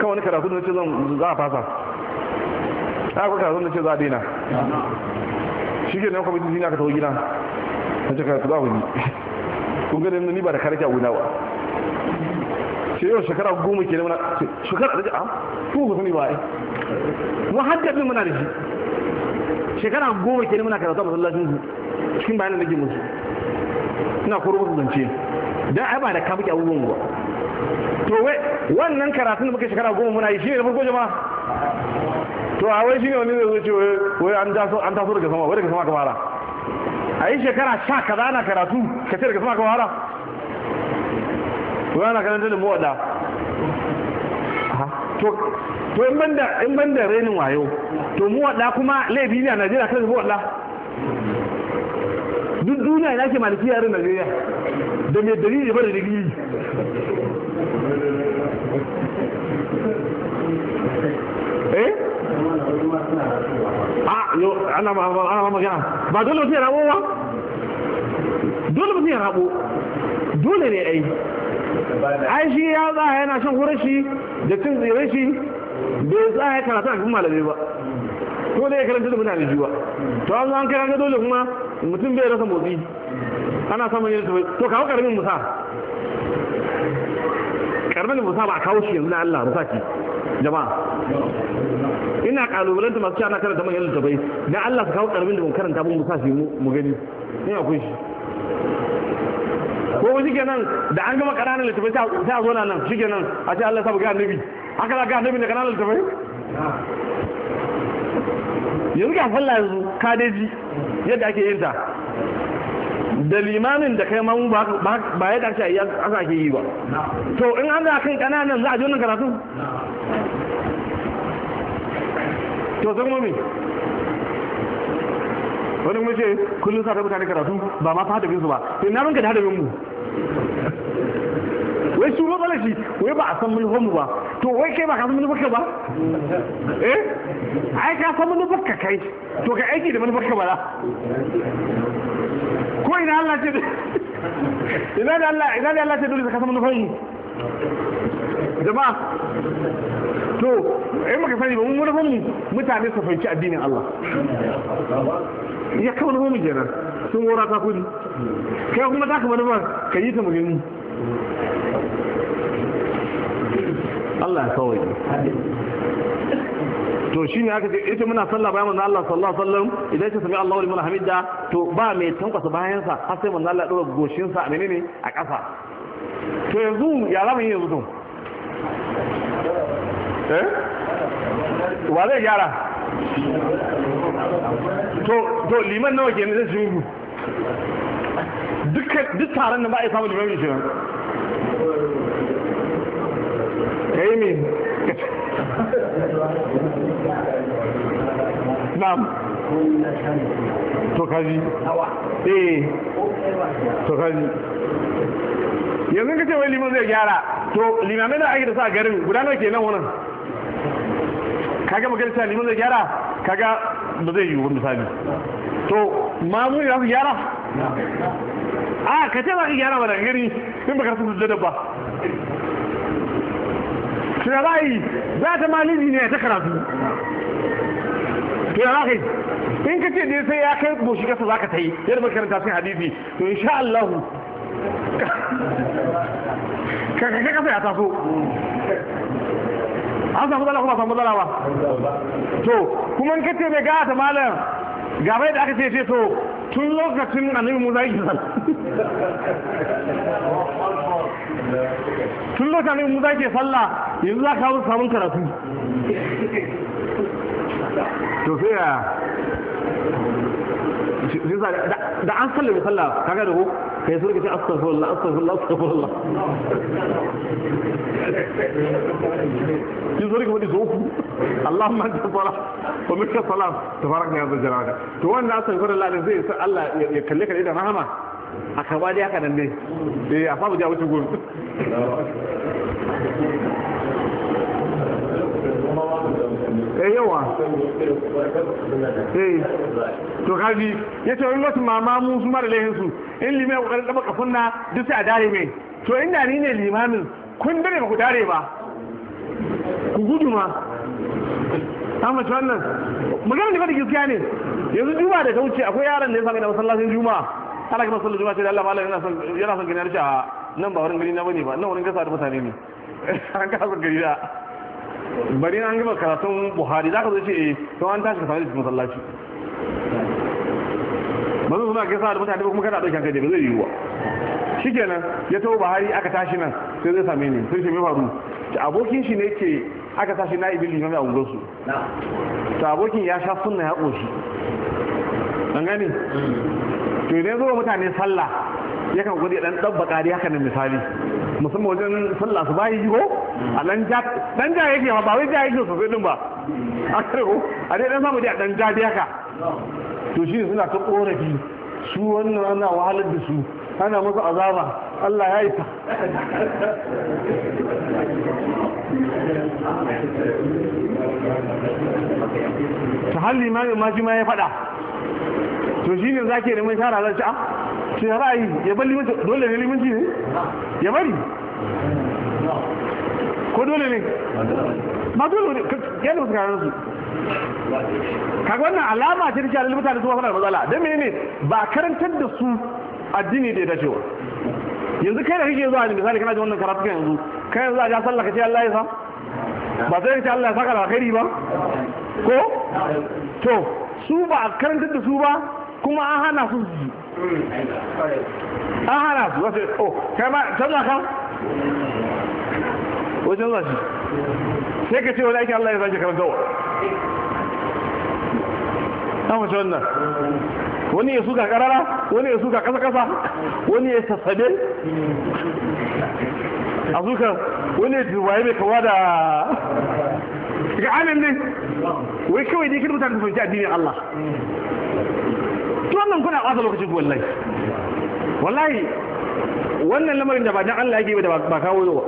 A: kan wani karatu da ce za a fasa ta kuka karatu da ce za a daina shi ke nan kwamitin zina ka tawo gina, na ce karatu za a wuni kun gani ni ba da karki a wuna ba ce yau shekara goma ke muna shekara da am ko ku sani ba mu haddafin muna da shi shekara goma ke muna karatu a masallacin su cikin bayanan da ke musu ina koro musu zance dan ai ba da ka muke abubuwan ba to wai wannan karatun da muke shekara goma muna yi shi ne da farko jama'a to a wai shine wani zai ce wai an taso an taso daga sama wai daga sama ka fara a yi shekara sha kaza na karatu ka ce daga sama ka fara ko yana karanta da muwada to in ban da renin wayo to muwada kuma laifi ne a Najeriya kan muwada duk duniya ina ke maliki yaran Najeriya da mai dalili ba da digiri eh? ah, ana magana ba dole ya rabo ba dole ya rabo dole ne ai ai shi ya tsaya yana shan hurashi da cin tsirai shi bai tsaya karatu a cikin malamai ba ko da ya karanta da mutane jiwa to an an karanta dole kuma mutum bai rasa motsi ana samun yin to kawo karamin musa karamin musa ba a kawo shi yanzu na Allah musa ki jama'a ina kalubalanta masu ci ana karanta manyan littafai dan Allah su kawo karamin da mun karanta mun musa shi mu gani ina kun shi ko shi kenan da an gama ƙananan littafai sai a zo nan shi kenan a ce Allah sa ga annabi haka za ga annabi da ƙananan littafai yanzu ga sallah yanzu kadeji yadda ake yin ta da limanin da kai mamu ba ya ɗarshe a aka ke yi ba to in an za kai ƙananan za a ji wannan karatu to sai kuma wani kuma ce kullum sa ta mutane karatu ba ma fa hadabin ba to na ranka da hadabin mu wai su matsala shi wai ba a san manufar homu ba to wai kai ba ka san manufar ba eh ai ka san manufar ka kai to ka aiki da manufar ka bala ko ina Allah ce ina da Allah ina da Allah ce dole ka san manufar mu jama'a to in muka sani ba mun manufar mu mutane su fahimci addinin Allah ya kawo mun kenan sun wora ta kudi kai kuma ta ka manufar ka yi ta mu Allah ya kawai to shi ne aka ce ita muna sallah bayan manzan Allah sallallahu alaihi wasallam idan ka sami Allahu liman hamida to ba mai tankwasa bayan sa har sai manzan Allah dora goshin sa a menene a kasa to yanzu ya zama yanzu to eh wa zai gyara to to liman nawa kenan zai shi duk duk taron da ba a samu liman shi ne na'am to eh yanzu ka ce wai liman zai gyara to limamai da ake da sa garin guda nawa kenan wannan kaga magana liman zai gyara kaga ba zai yiwu misali to mamuni ya su gyara a ka ce ba ka gyara ba da gari in ba ka rasu da ba to ya za ta maliji ne ta karatu to in ka ce dai sai ya kai boshi kasa za ka ta yi yadda makaranta sun hadisi to insha Allah ka kaka kasa ya taso an samu zala kuma samu zala ba to kuma in ka ce mai gata malam gaba da aka ce ce to tun lokacin annabi musa yi sal tun lokacin mu za ke sallah yanzu za ka wuce samun karatu to sai ya da an sallame sallah ka ga ko kai sun rike astaghfirullah astaghfirullah astaghfirullah kin zo rike wani zofu Allahumma anta salam wa minka salam tabarak ya zalla jalala to wannan astaghfirullah din zai sa Allah ya kalle ka da rahama a kaba da haka nan ne eh a samu ja wuce gurin
B: Eh, yawa eh
A: to kaji yace wani wasu mama mu su mara laihin su in limai ya kokarin daba kafunna duk sai a dare mai to in inda ni ne limamin kun dare ba ku dare ba ku gudu ma an mace wannan magana ne ba da gaskiya ne yanzu juma da ta wuce akwai yaron da ya sami da masallacin juma'a ana kuma sallar juma'a sai da Allah malam yana son yana son gani ya nan ba wurin gari na bane ba nan wurin gasa da mutane ne an kasa gari da bari an gaba karatun buhari za ka zo ce eh, to an tashi ka sami cikin masallaci ba zan suna gasa da mutane ba kuma kana ɗauki kai ba zai yiwuwa shikenan ya tawo buhari aka tashi nan sai zai same ni sai shi mai faru abokin shi ne ke aka tashi na ibin limami a unguwarsu to abokin ya sha sunna ya ƙoshi an gani? Mm. to ne zo mutane sallah yakan gudu ya dan dabba dai haka nan misali musamman wajen sallah su bayi ko a nan ja dan ja yake ba wai ja yake sosai din ba a ko a dai dan samu dai dan ja dai haka to shi suna ta korafi su wannan ana wahalar da su ana musu azaba Allah ya yi ta ta halli ma ma ya faɗa to shi ne za ke neman shara zan ci a ah, sai ya ra'ayi ya bar limanci dole ne limanci ne ya bari ko dole ne ma dole ne ya da wasu su kaga wannan alama ce take alil mutane su ba da matsala dan menene ba karantar da su addini da ya dacewa yanzu kai da kake zuwa ne misali kana jin wannan karatu kan yanzu kai yanzu a ja sallah ka ce Allah ya sa ba sai ka ce Allah ya saka alkhairi ba ko to su ba a karantar da su ba kuma an hana su an hana su wasu o oh, kama canza kan wajen zashi sai ka ce wani aiki Allah ya zaki karanta wa an wace wannan wani ya suka karara wani ya suka kasa-kasa wani ya sassabe a suka wani ya turbaye mai kawa da ga amin ne wai kawai ne kirmuta da fahimci addinin Allah duk wannan kuna ƙasa lokacin ku wallahi wallahi wannan lamarin da ba dan Allah yake ba ba kawo yau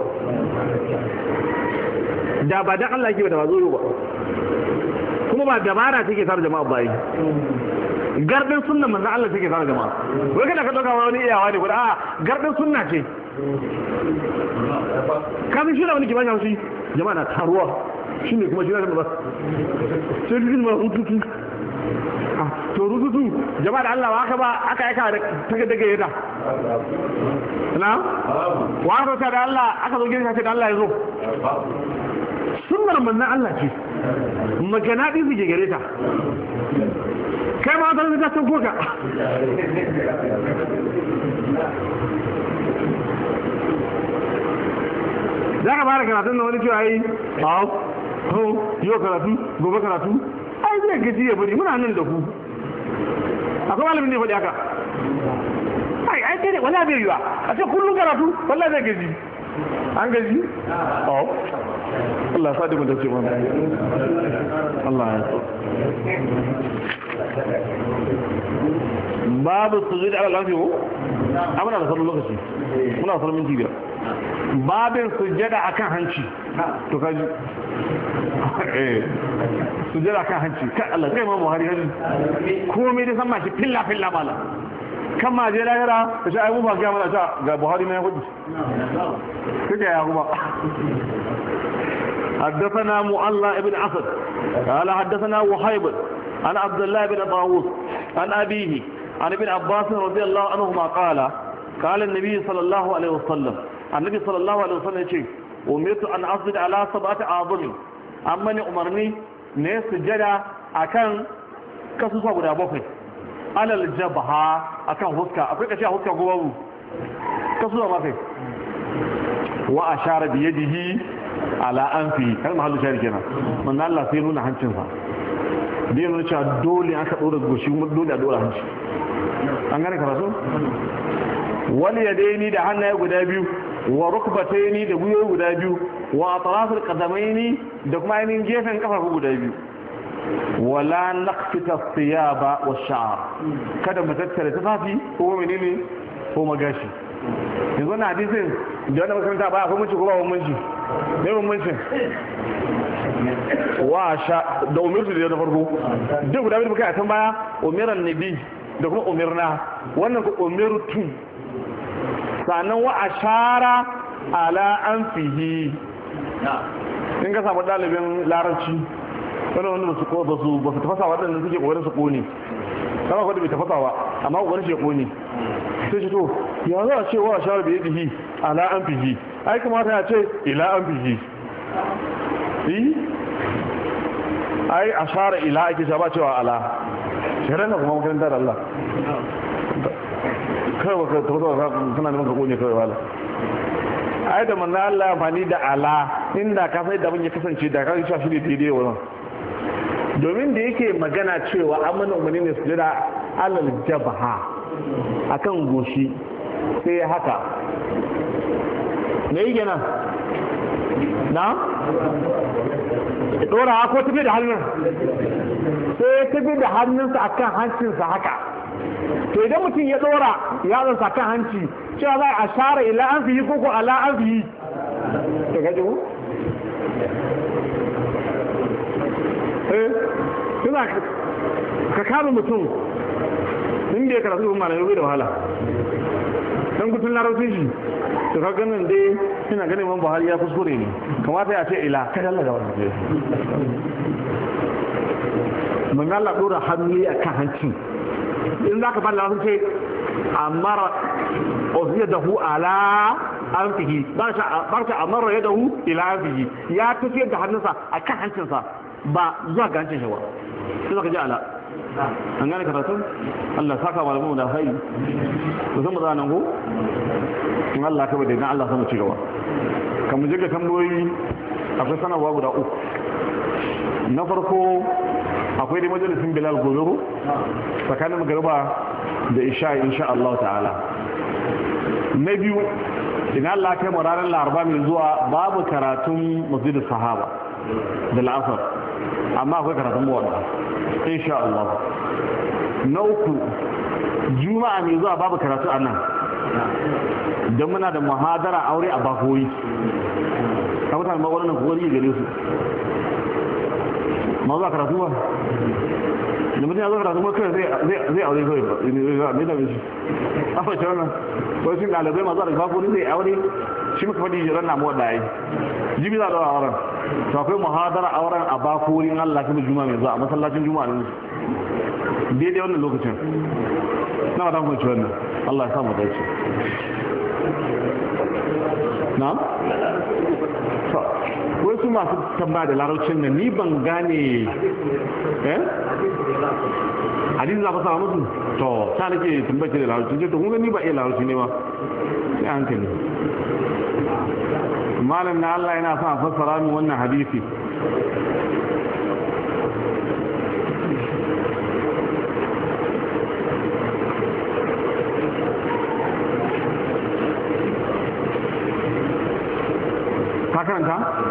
A: da ba dan Allah yake ba ba zo yau ba kuma ba dabara take tare jama'a bai gardin sunna manzo Allah take tare jama'a wai kada ka dauka wani iyawa ne guda a gardin sunna ce kamin shi da wani kibanin shi jama'a na taruwa shine kuma shi da ba sai din ma hutu to rusutu jama'a da Allah wa aka ba aka aika da daga yada na wa aka ta da Allah aka zo gidan ta da Allah ya zo sunnar manzon Allah ce magana din su gare ta kai ma ta ta san koka za ka fara karatun da wani cewa yi a yau karatu gobe karatu ai zai gaji ya bari muna nan da ku akwai malamin ne faɗi haka ai ai sai wala bai yiwa a ce kullum karatu wala zai gaji an gaji oh Allah sa mu da mana Allah ya so babu sujudi ala lafi ko amana da salon lokaci muna salon minti biyar babin sujada akan hanci to kaji su jira kan hanci kan Allah kai ma Buhari hanci komai da san ma shi filla filla mala kan ma je lahira ta ce ai mu ba ga mana ta ga Buhari na yahudi kike ya kuma حدثنا مؤلى ابن اسد قال حدثنا وهيب عن عبد الله بن طاووس عن أبيه عن ابن عباس رضي الله عنهما قال قال النبي صلى الله عليه وسلم النبي صلى الله عليه وسلم يقول أمرت أن أصدر على سبعة أعظم an mani umarni na sujada kan kasusuwa guda bakwai alal jabha kan huska akwai a huska ko mu kasusuwa bakwai wa ashara bi yadihi ala anfi kan mahallu shari kenan manzo Allah sai nuna hancinsa bai nuna cewa dole aka dora goshi kuma dole a dora hanci an gane karatu ya yadaini da hannaye guda biyu wa rukbataini da guyoyi guda biyu wa atrafil qadamaini da kuma ainin gefen kafafu guda biyu wala naqfita thiyaba wa sha'r kada mu tattara tafafi ko menene ko magashi yanzu na hadisin da wannan makaranta ba akwai munci ko ba munci ne ci wa sha da umirtu da farko duk guda biyu muka a can baya umiran nabi da kuma umirna wannan ko umirtu sannan wa ashara ala an fihi in ka samu dalibin larabci wani wani ba su ko ba su ba su tafasa waɗanda suke kokarin su kone sama kwadda bai tafasa ba amma kokarin shi kone sai shi to ya za a ce wa ashara bai yi ala fihi ai kamata ya ce ila an fihi eh? ai ashara ila ake shaba cewa ala shirin da kuma makarantar Allah kawai ka tabbata ka kana neman ka kone kawai wala ai da manzo Allah amfani da ala inda ka sai da mun ya kasance da ka shi ne daidai wannan domin da yake magana cewa amana umarni ne su jira alal jabaha akan goshi sai haka me yake nan na dora ko tafi da hannun sai tafi da hannunsa akan hancinsa haka to idan mutum ya dora ya zansa kan hanci cewa za a share ila an fi koko ala an fi ta gaji mu eh kuma ka kama mutum in ya karatu kuma malamai bai da wahala don kutun larabcin shi to ka ganin dai ina ganin man buhari ya kuskure ne kamata ya ce ila kada Allah ga wannan mun Allah dora hannu a kan hancin in za ka falla sun ce amara ofiya da hu ala anfihi ba a amara ya da hu ila anfihi ya tafiyar da hannunsa a kan hancinsa ba zuwa ga hancin shawa sai za ka ji ala an gane karatun Allah saka malamu da hayi musamman nan ko in Allah ka bada idan Allah sama ci gaba kan mu jiga tambayoyi akwai sanarwa guda uku na farko akwai da majalisin bilal gobe ku tsakanin garba da isha insha Allah ta'ala na biyu ina Allah kai mu ranar laraba mai zuwa babu karatun masjid sahaba da la'asar amma akwai karatun mawadda insha Allah na uku juma'a mai zuwa babu karatu a nan don muna da muhadara aure a bakoyi ta mutane ma waɗannan kokari gare su ma a karatu ba da mutum ya zo karatu kuma kai zai aure kawai ba ne da bishi a fashe wannan wai sun ɗalibai masu arzikin kafin zai aure shi muka faɗi jiran na muwa ɗaya jibi za a ɗaura auren to akwai muhadara auren a bakorin allah kuma juma mai zuwa a masallacin juma'a ne daidai wannan lokacin na ba ta wadda kwanci wannan allah ya sa samu dace na? su masu tamba da larabcin nan ni ban gane eh hadisi za ka samu musu to ta nake tambace da larabci ce to kun ni ba iya larabci ne ba sai hankali malam na Allah yana sa fassara min wannan hadisi ka karanta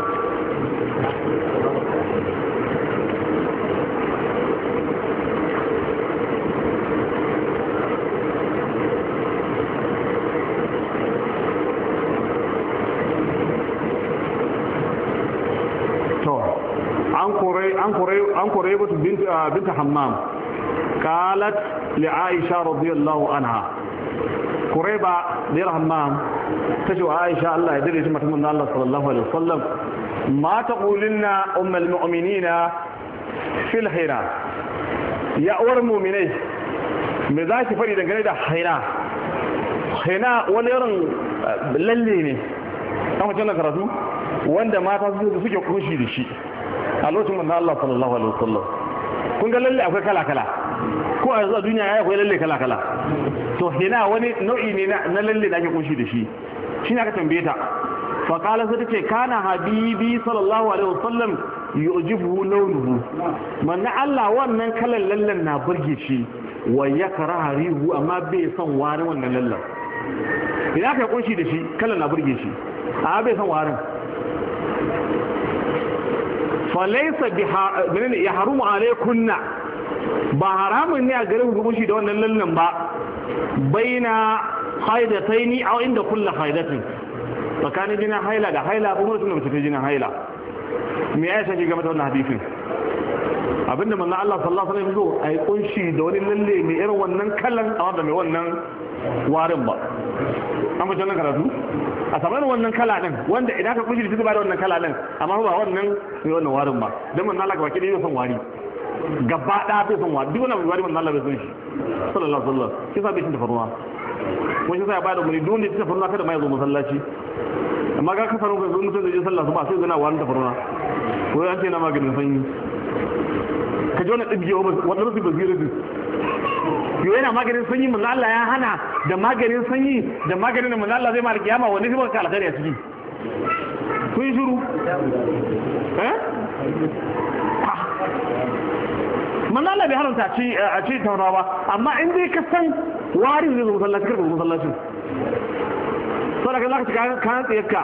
A: hammam qalat li aisha radiyallahu anha kureba da hammam tace wa aisha Allah ya dare shi mata manzo Allah sallallahu alaihi wasallam ma taqulinna ummul mu'minina fil hira ya uwar mu'minai me za ki fari dangane da haina haina wani irin lalle ne an wacce na karatu wanda mata su suke kunshi da shi a lokacin manzo Allah sallallahu alaihi wasallam kun ga lalle akwai kala kala ko a yanzu a duniya ya akwai lalle kala kala to hina wani nau'i ne na lalle da ake kunshi da shi shi ne aka tambaye ta fa kala sai take kana habibi sallallahu alaihi wasallam yu'jibu lawnuhu manna Allah wannan kalan lallan na burge shi wa yakraha rihu amma bai son ware wannan lallan idan aka kunshi da shi kalan na burge shi a bai son warin falaisa ya harumu alaikunna ba haramun ne a garin gumushi da wannan lallan ba bai na baina haidataini aw inda kullu haidatin tsakanin jinin haila da haila ko mutum da mutum jinin haila me ya sake game da wannan hadisin abinda manzo Allah sallallahu alaihi wasallam ai kunshi da wani lalle mai irin wannan kallon a da mai wannan warin ba an mutum karatu a saman wannan kala din wanda idan ka kushi da ba da wannan kala din amma ba wannan mai wannan warin ba don manzo Allah gabaki dai son wari gaba da bai son wari duk wannan wari manzo Allah bai son shi sallallahu alaihi wasallam shi sa bai shi da farwa ko shi sa ya bada muri duk wanda ya farwa kada ma ya zo masallaci amma ga kafaru ga zuwa mutum da je sallah su ba sai zana warin da farwa ko an ce na maganin sanyi ka ji wani ɗibge wanda rufi basiri yau yana maganin sanyi manzo Allah ya hana da maganin sanyi da maganin da manzo Allah zai mara kiyama wanda zai baka alkhairi a ciki kun shiru eh manzo Allah bai haramta ci a ci taura ba amma in dai ka san wari zai zo masallaci karka zo masallaci sai ka zaka ka kan tsiyarka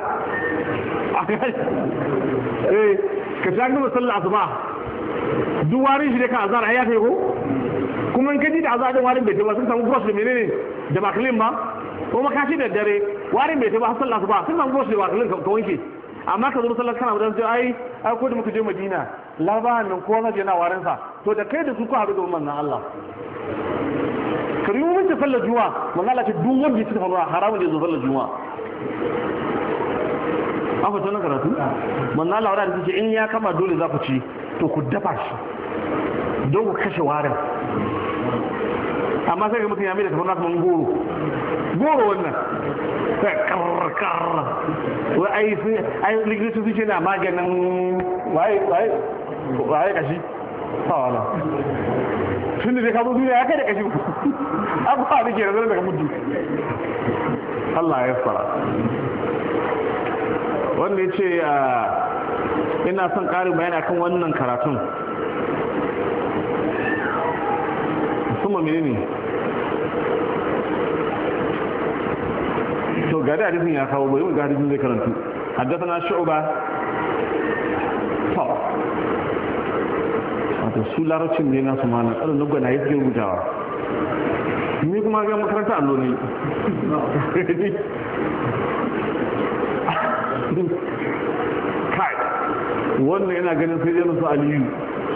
A: eh ka sha gaba asuba duk warin shi da ka azara ya yi ko kuma in kaji da azadin warin bai ba sun samu gross da menene da baklin ba ko makashi da dare warin bai ba sallah su ba sun samu gross da baklin ka wanke amma ka zo sallar kana wajen sai ai ai ko da muka je Madina labarin nan na je na warin sa to da kai da su ku haɗu da manzon Allah kari mun sallar juma'a manzon Allah ce duk wanda ya cika farwa haramun da ya zo sallar juma'a an fito na karatu manzon Allah ta ce in ya kama dole za ku ci to ku dafa shi don ku kashe warin amma sai ga mutum ya mida da tafarnuwa kamar goro goro wannan sai karkar wai ai ai likitoci sun ce na maganin waye waye waye kashi sawala tun da ka zo ya kai da kashi abuwa da ke da daga mudu. Allah ya fara wanda ya ce ah, ina son ƙarin bayani akan wannan karatun musamman menene to ga da ya kawo bai ga hadisin zai karantu haddathana shu'ba to wato su larabcin ne nasu ma na tsarin lugwa na yake rubutawa ni kuma ga makaranta allo ne kai wannan yana ganin sai dai su aliyu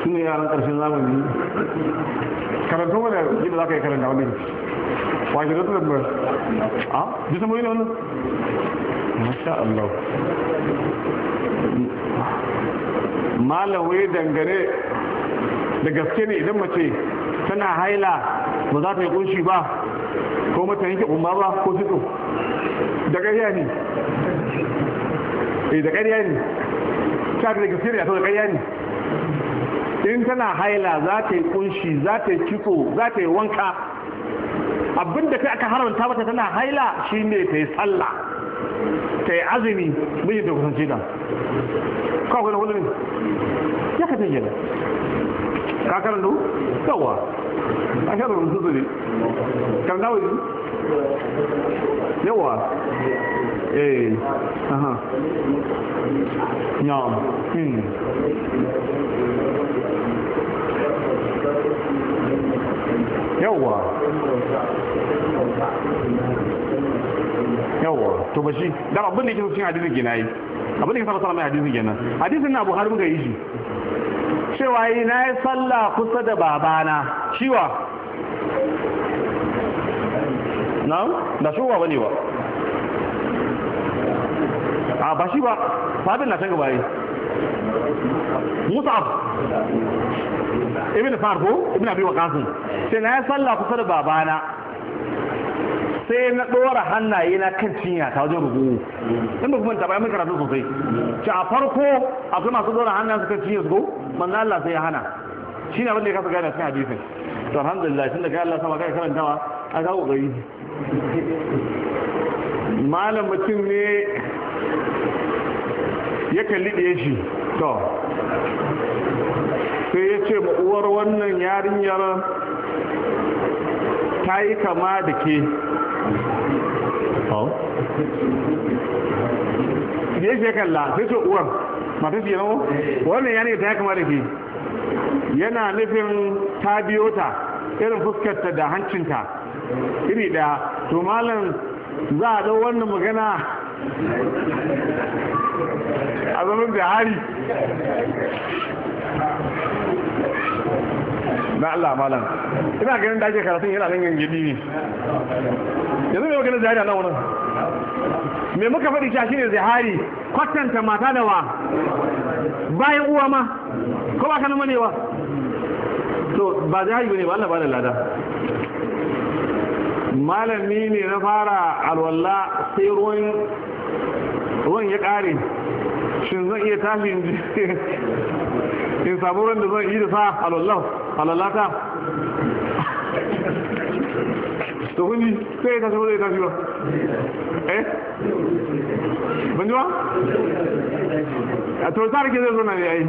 A: su ne yaran ƙarshen zamani karanta wani yadda za ka yi karanta wani wake da tsibirin a bisa mai wannan masha Allah malawai dangane da gaske ne idan mace tana haila ba za ta yi kunshi ba ko mata yanke umma ba ko fito da ƙarya ne eh da ƙarya ne ta da gaske ne a to da ƙarya ne in tana haila za ta yi kunshi za ta yi kitso za ta yi wanka Abin da kai aka haramta mata tana haila ne ta yi tsalla ta yi azumi miji da kusan ta kawai na hudu ne ya ka tayyana ka karanto yawa a shi rubutu su ne kan dawo yawa
B: eh aha ya hmm
A: yawwa yawwa to ba shi dan abin da yake cikin hadisin gina yi abin da yake sallallahu mai hadisin gina hadisin na Buhari muka yi shi cewa yi na yi sallah kusa da babana shiwa na da ba ne ba a ba shi ba sabin na can gaba yi ibn farko ibn abi waqas sai na salla sallah kusa da babana sai na dora hannaye na kan cinya ta wajen rubu in ba kuma taba mun karatu sosai ci a farko akwai masu dora hannaye su kan cinya su go manzo Allah sai ya hana shine abin da ya kasa gane cikin hadisin to alhamdulillah tunda da kai Allah sama kai karantawa a ga kokari malam mutum ne ya kalli da yashi, to sai ya ce uwar wannan yarinyar ta yi kama da ke ya ce kalla sai ce uwar mata ce na wannan yarinyar ta yi kama da ke yana nufin ta biyo ta irin fuskarta da hancinta iri daya to malam za a dau wannan magana a zaman da hari na Allah malam ina ganin da ake karatun yana nan gidi ne yanzu mai maganin zahari a nan wurin me muka faɗi cewa ne zahari kwatanta mata da wa bayan uwa ma ko ba kana manewa to ba zahari bane ba Allah ba da lada malami ne na fara alwala sai ruwan ruwan ya ƙare shin zan iya tashi in samu ran da zan yi da sa halallah halallata to kun sai ta zama zai tafi ba eh ban ji ba a to sa rike zai zo na yayi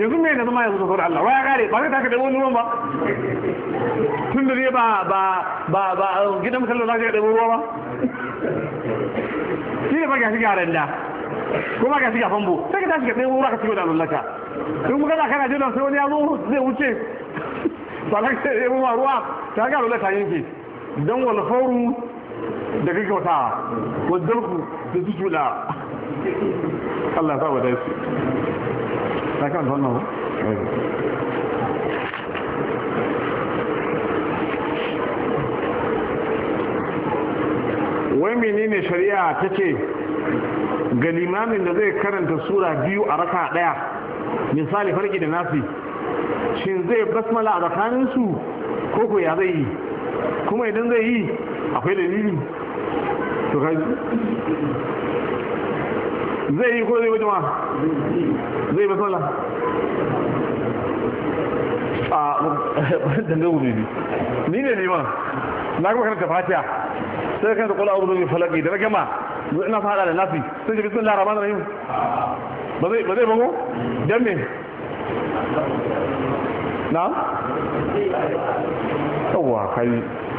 A: yanzu mai da zama yanzu da Allah waya kare ba zai taka da wani ruwan ba tun da ba ba ba ba gidan kallon ka da ruwa ba shi ne ba ga shi garen da kuma ka shiga fambo sai ka tashi ka tsaye wura ka shiga da lullaka in kuma kana kana jiran sai wani ya zo zai wuce ba za ka yi ruwa ruwa ta ga lullaka yanke don wani fauru da kai kyauta wa zarku da zuzula Allah ta wadai su ta kan wannan wai menene shari'a ta ce ga limamin da zai karanta sura biyu a raka daya misali farki da nasi shin zai basmala a tsakanin su ko ko ya zai yi kuma idan zai yi akwai dalili to kai zai yi ko zai ma zai basmala a dangar wuri ni ne neman na kuma karanta fatiya sai da kula a wurin falaki da na gama ina sa hada da nasi sun shiga sun larama rahim ba zai ba zai bango dan me na yawa kai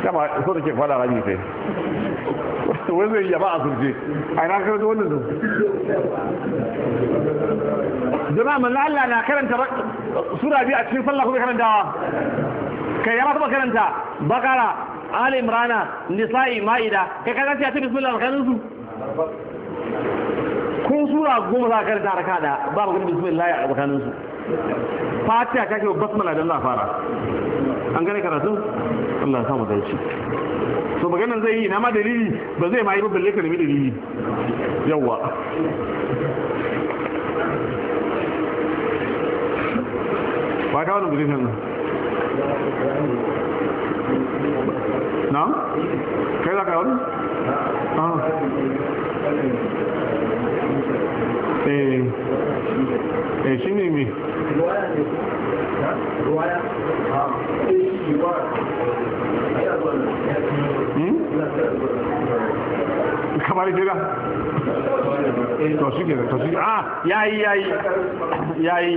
A: dama so da ke fada rami kai wai zai yaba a surje a ina karanta wannan zo jama'a manzo Allah na karanta sura biyu a cikin sallah kuma karantawa kai ya ma karanta bakara ali imrana nisa'i ma'ida kai ka karanta ya ce bismillah alkhairin su kun sura goma za ka karanta haraka da ba magana bismillah a tsakanin su fatiha ta ke basmala don za fara an gane karatu Allah ya samu zai so maganan zai yi na ma dalili ba zai ma yi babban balle mai dalili yawwa ba ka wani gudun nan na? kai za ka wani? Ah.
B: Eh, eh shi ne ke hmm?
A: to shi ah yayi yayi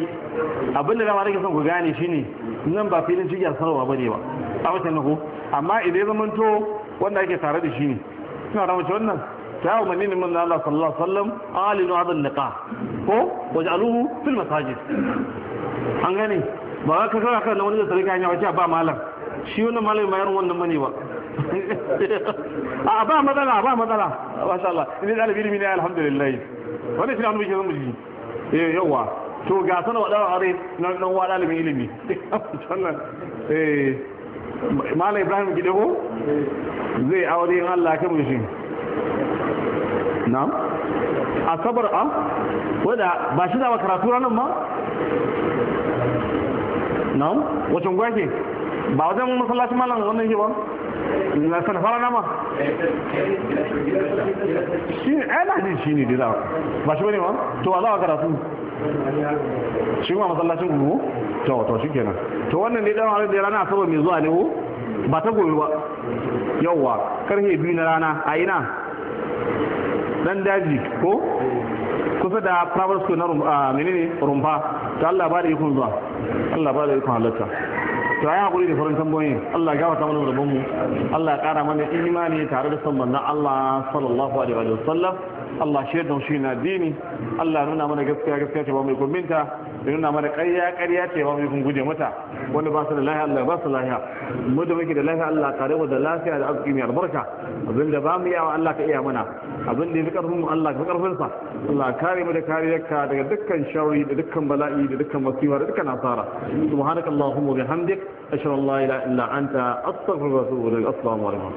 A: abinda da ma nake son ku gane shine nan ba filin cikin ba ne ba a wata nako amma idan zamanto wanda ake tare da shi ne suna ramace wannan ta yawo manini manzo Allah sallallahu alaihi wasallam alinu adan liqa ko waj'aluhu fil masajid an gani? ba ka kawo kan wani da sarki hanya wace ba malam shi wannan malamin yaron wannan mani ba a ba matsala ba matsala sha Allah idan dalibi ilimi ne alhamdulillah Wani shi ne annabi ke zan eh yawa to ga sanar wa are na dan wa dalibin ilimi wannan eh malam Ibrahim Gidego zai aure in Allah ka mushi na'am sabar a ah? wadda ba shi da karatu ranar ma na'am wacin gwake ba wajen masallaci malam wannan shi ba na sana fara nama shi ne ainihin shi ne da ba shi bane ma to a za a karatu shi ma masallacin ku to to kenan to wannan ne dan da rana asabar mai zuwa ne ko ba ta gobe ba yawwa karfe biyu na rana a ina dan daji ko kusa da private school na rumfa menene rumfa to Allah ba da ikon zuwa Allah ba da ikon halatta to ayi hakuri da farin tambayoyin Allah ya gafarta mana rabon mu Allah ya kara mana imani tare da san Allah sallallahu alaihi wa sallam Allah shaidan shi na dini Allah nuna mana gaskiya gaskiya ce ba mai kumbinta da nuna mana ƙarya ƙarya ce ba mai kun guje mata wanda ba su da lahiya Allah ba su lahiya mu da muke da lahiya Allah tare mu da lafiya da arziki mai albarka abin da ba mu yawa Allah ka iya mana abin da ya fi ƙarfin mu Allah ka fi ƙarfin sa Allah kare mu da kariyarka daga dukkan sharri da dukkan bala'i da dukkan masifa da dukkan asara subhanakallahumma wa bihamdik ashhadu an la ilaha illa anta astaghfiruka wa atubu ilaik assalamu alaikum